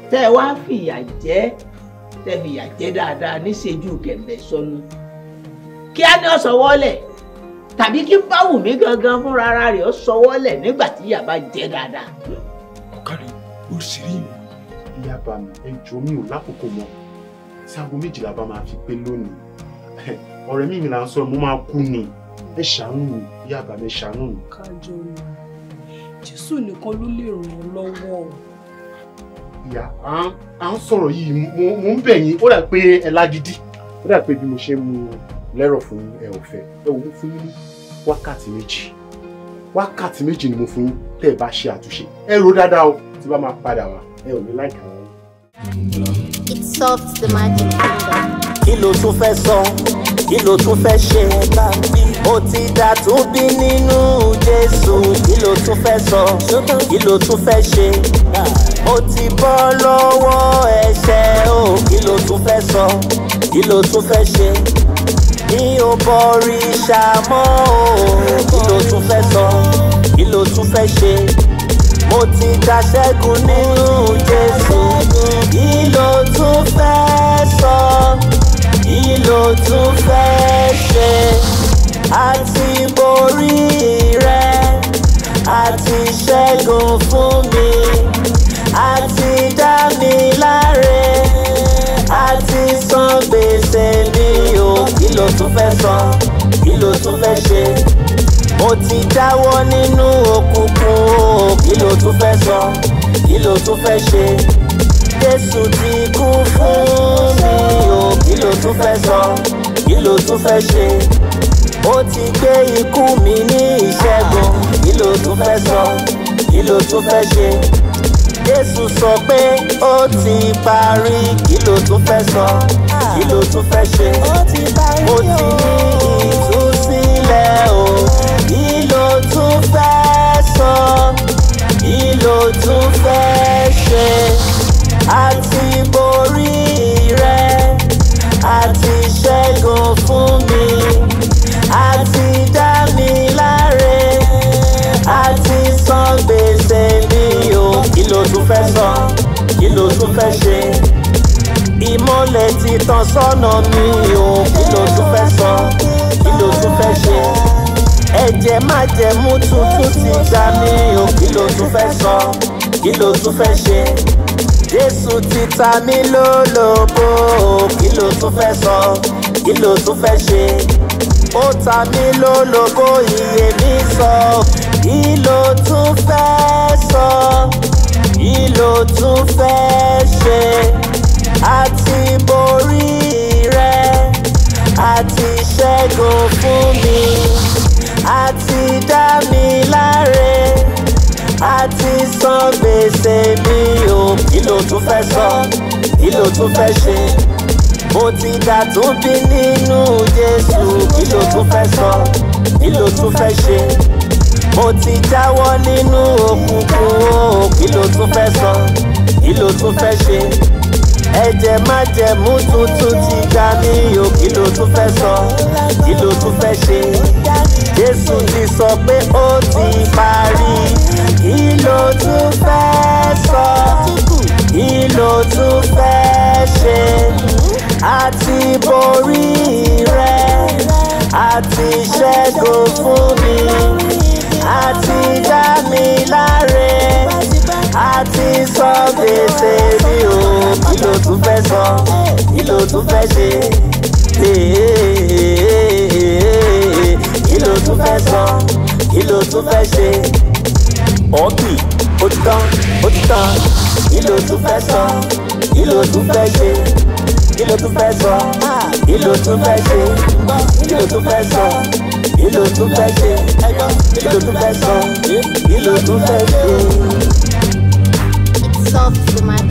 tẹ́ ẹ wá fìyà jẹ́ tẹ́ fìyà jẹ́ dáadáa níṣẹ́jú kẹ̀mẹ́ sọnù kí á ní ọ tàbí kí Báwùmí gangan fúnra ara rẹ̀ ọ sọwọ́lẹ̀ nígbà tí ìyà bá jẹ́ dáadáa. ọ̀kadì ó sì rí ìwọ̀n. ìyá bá mi ẹjọ́ mi ò lákòókò mọ́ tí méjìlá bá máa fi pé lónìí ọ̀rẹ́ mi mi là ń sọ mo máa kú ni ẹ ṣàánú ìyá bá mi ṣàánú. kájọ ni. jésù nìkan ló lè ràn ọ́ lọ́wọ́ o. ìyá à ń sọ̀rọ̀ yìí mo ń bẹ̀ yín ó dà pé ẹ lágídí ó dà pé bí mo ṣe mu lẹ́rọ̀ fún ẹ ò fẹ́ ẹ ò fún yín wákàtí méjì wákàtí méjì ni mo fún yín tẹ́ ẹ bá ṣe àtúnṣe ẹ rò dáadáa o tí bá máa padà wá ẹ ò ní láìka wọn. it solves the magic kingdom. kí ló tún fẹ́ sọ kí ló tún fẹ́ ṣe bá mi. ó ti dà tún bí nínú jésù kí ló tún fẹ́ sọ kí ló tún fẹ́ ṣe. ó ti bọ́ lọ́wọ́ ẹ̀ṣẹ̀ o kí ló tún fẹ́ sọ kí ló tún fẹ́ ṣe. mi ò bọ̀rì ṣàmọ́ o kí ló tún fẹ́ sọ kí ló tún fẹ́ ṣe. mo ti dà ṣẹ́gun nínú jésù kí ló tún fẹ́ sọ kí ló tún fẹ́ ṣe àti borí rẹ àti ṣẹ́gun fún mi àti dá mi láre àti san gbèsè mi o kí ló tún fẹ́ san kí ló tún fẹ́ ṣe mo ti dáwọ́ nínú òkùnkùn o kí ló tún fẹ́ san kí ló tún fẹ́ ṣe Jésù ti kú fún mi o kí ló tún fẹ́ sọ kí ló tún fẹ́ ṣe ó ti gbé ikú mi ní ìṣẹ́gun kí ló tún fẹ́ sọ kí ló tún fẹ́ ṣe jésù sọ pé ó ti parí kí ló tún fẹ́ sọ kí ló tún fẹ́ ṣe ó ti ní ìtúsílẹ̀ o kí ló tún fẹ́ sọ kí ló tún fẹ́ ṣe àti borí àti ṣẹ́gun fún mi àti dá mi láre àti san gbèsè mi o kí ló tún fẹ́ sọ kí ló tún fẹ́ ṣe ìmọ̀lẹ̀ ti tàn sọ́nà mi o kí ló tún fẹ́ sọ kí ló tún fẹ́ ṣe ẹ̀jẹ̀ májẹ̀mú tuntun ti já mi o kí ló tún fẹ́ sọ kí ló tún fẹ́ ṣe jésù ti ta mí lólobó kí ló tún fẹ́ sọ kí ló tún fẹ́ ṣe ó ta mí lólobó iye mi sọ kí ló tún fẹ́ sọ kí ló tún fẹ́ ṣe àti borí rẹ àti ṣẹ́gun fún mi àti dá mi láre a ti san gbèsè mi o kí ló tún fẹ́ sọ kí ló tún fẹ́ ṣe mo ti dà tún bí nínú Jésù kí ló tún fẹ́ sọ kí ló tún fẹ́ ṣe mo ti jáwọ́ nínú òkùnkùn o kí ló tún fẹ́ sọ kí tún fẹ́ ṣe ẹ̀jẹ̀ májẹ̀mú tuntun ti gbà mí o kí tún fẹ́ sọ kí tún fẹ́ ṣe Jésù ti sọ pé ó ti parí kí ló tún fẹ́ sọ kí ló tún fẹ́ ṣe àti borí rẹ àti ṣẹ́gun fún mi àti dá mi láre àti sọ gbèsè mi o kí ló tún fẹ́ sọ kí ló tún fẹ́ ṣe kí ló tún fẹ́ sọ kí ló tún fẹ́ ṣe ọ̀ọ́kì ó ti tán ó ti tán kí ló tún fẹ́ sọ kí ló tún fẹ́ ṣe kí ló tún fẹ́ sọ kí ló tún fẹ́ ṣe kí ló tún fẹ́ sọ kí tún fẹ́ ṣe kí tún fẹ́ sọ kí tún fẹ́ ṣe. It's to my.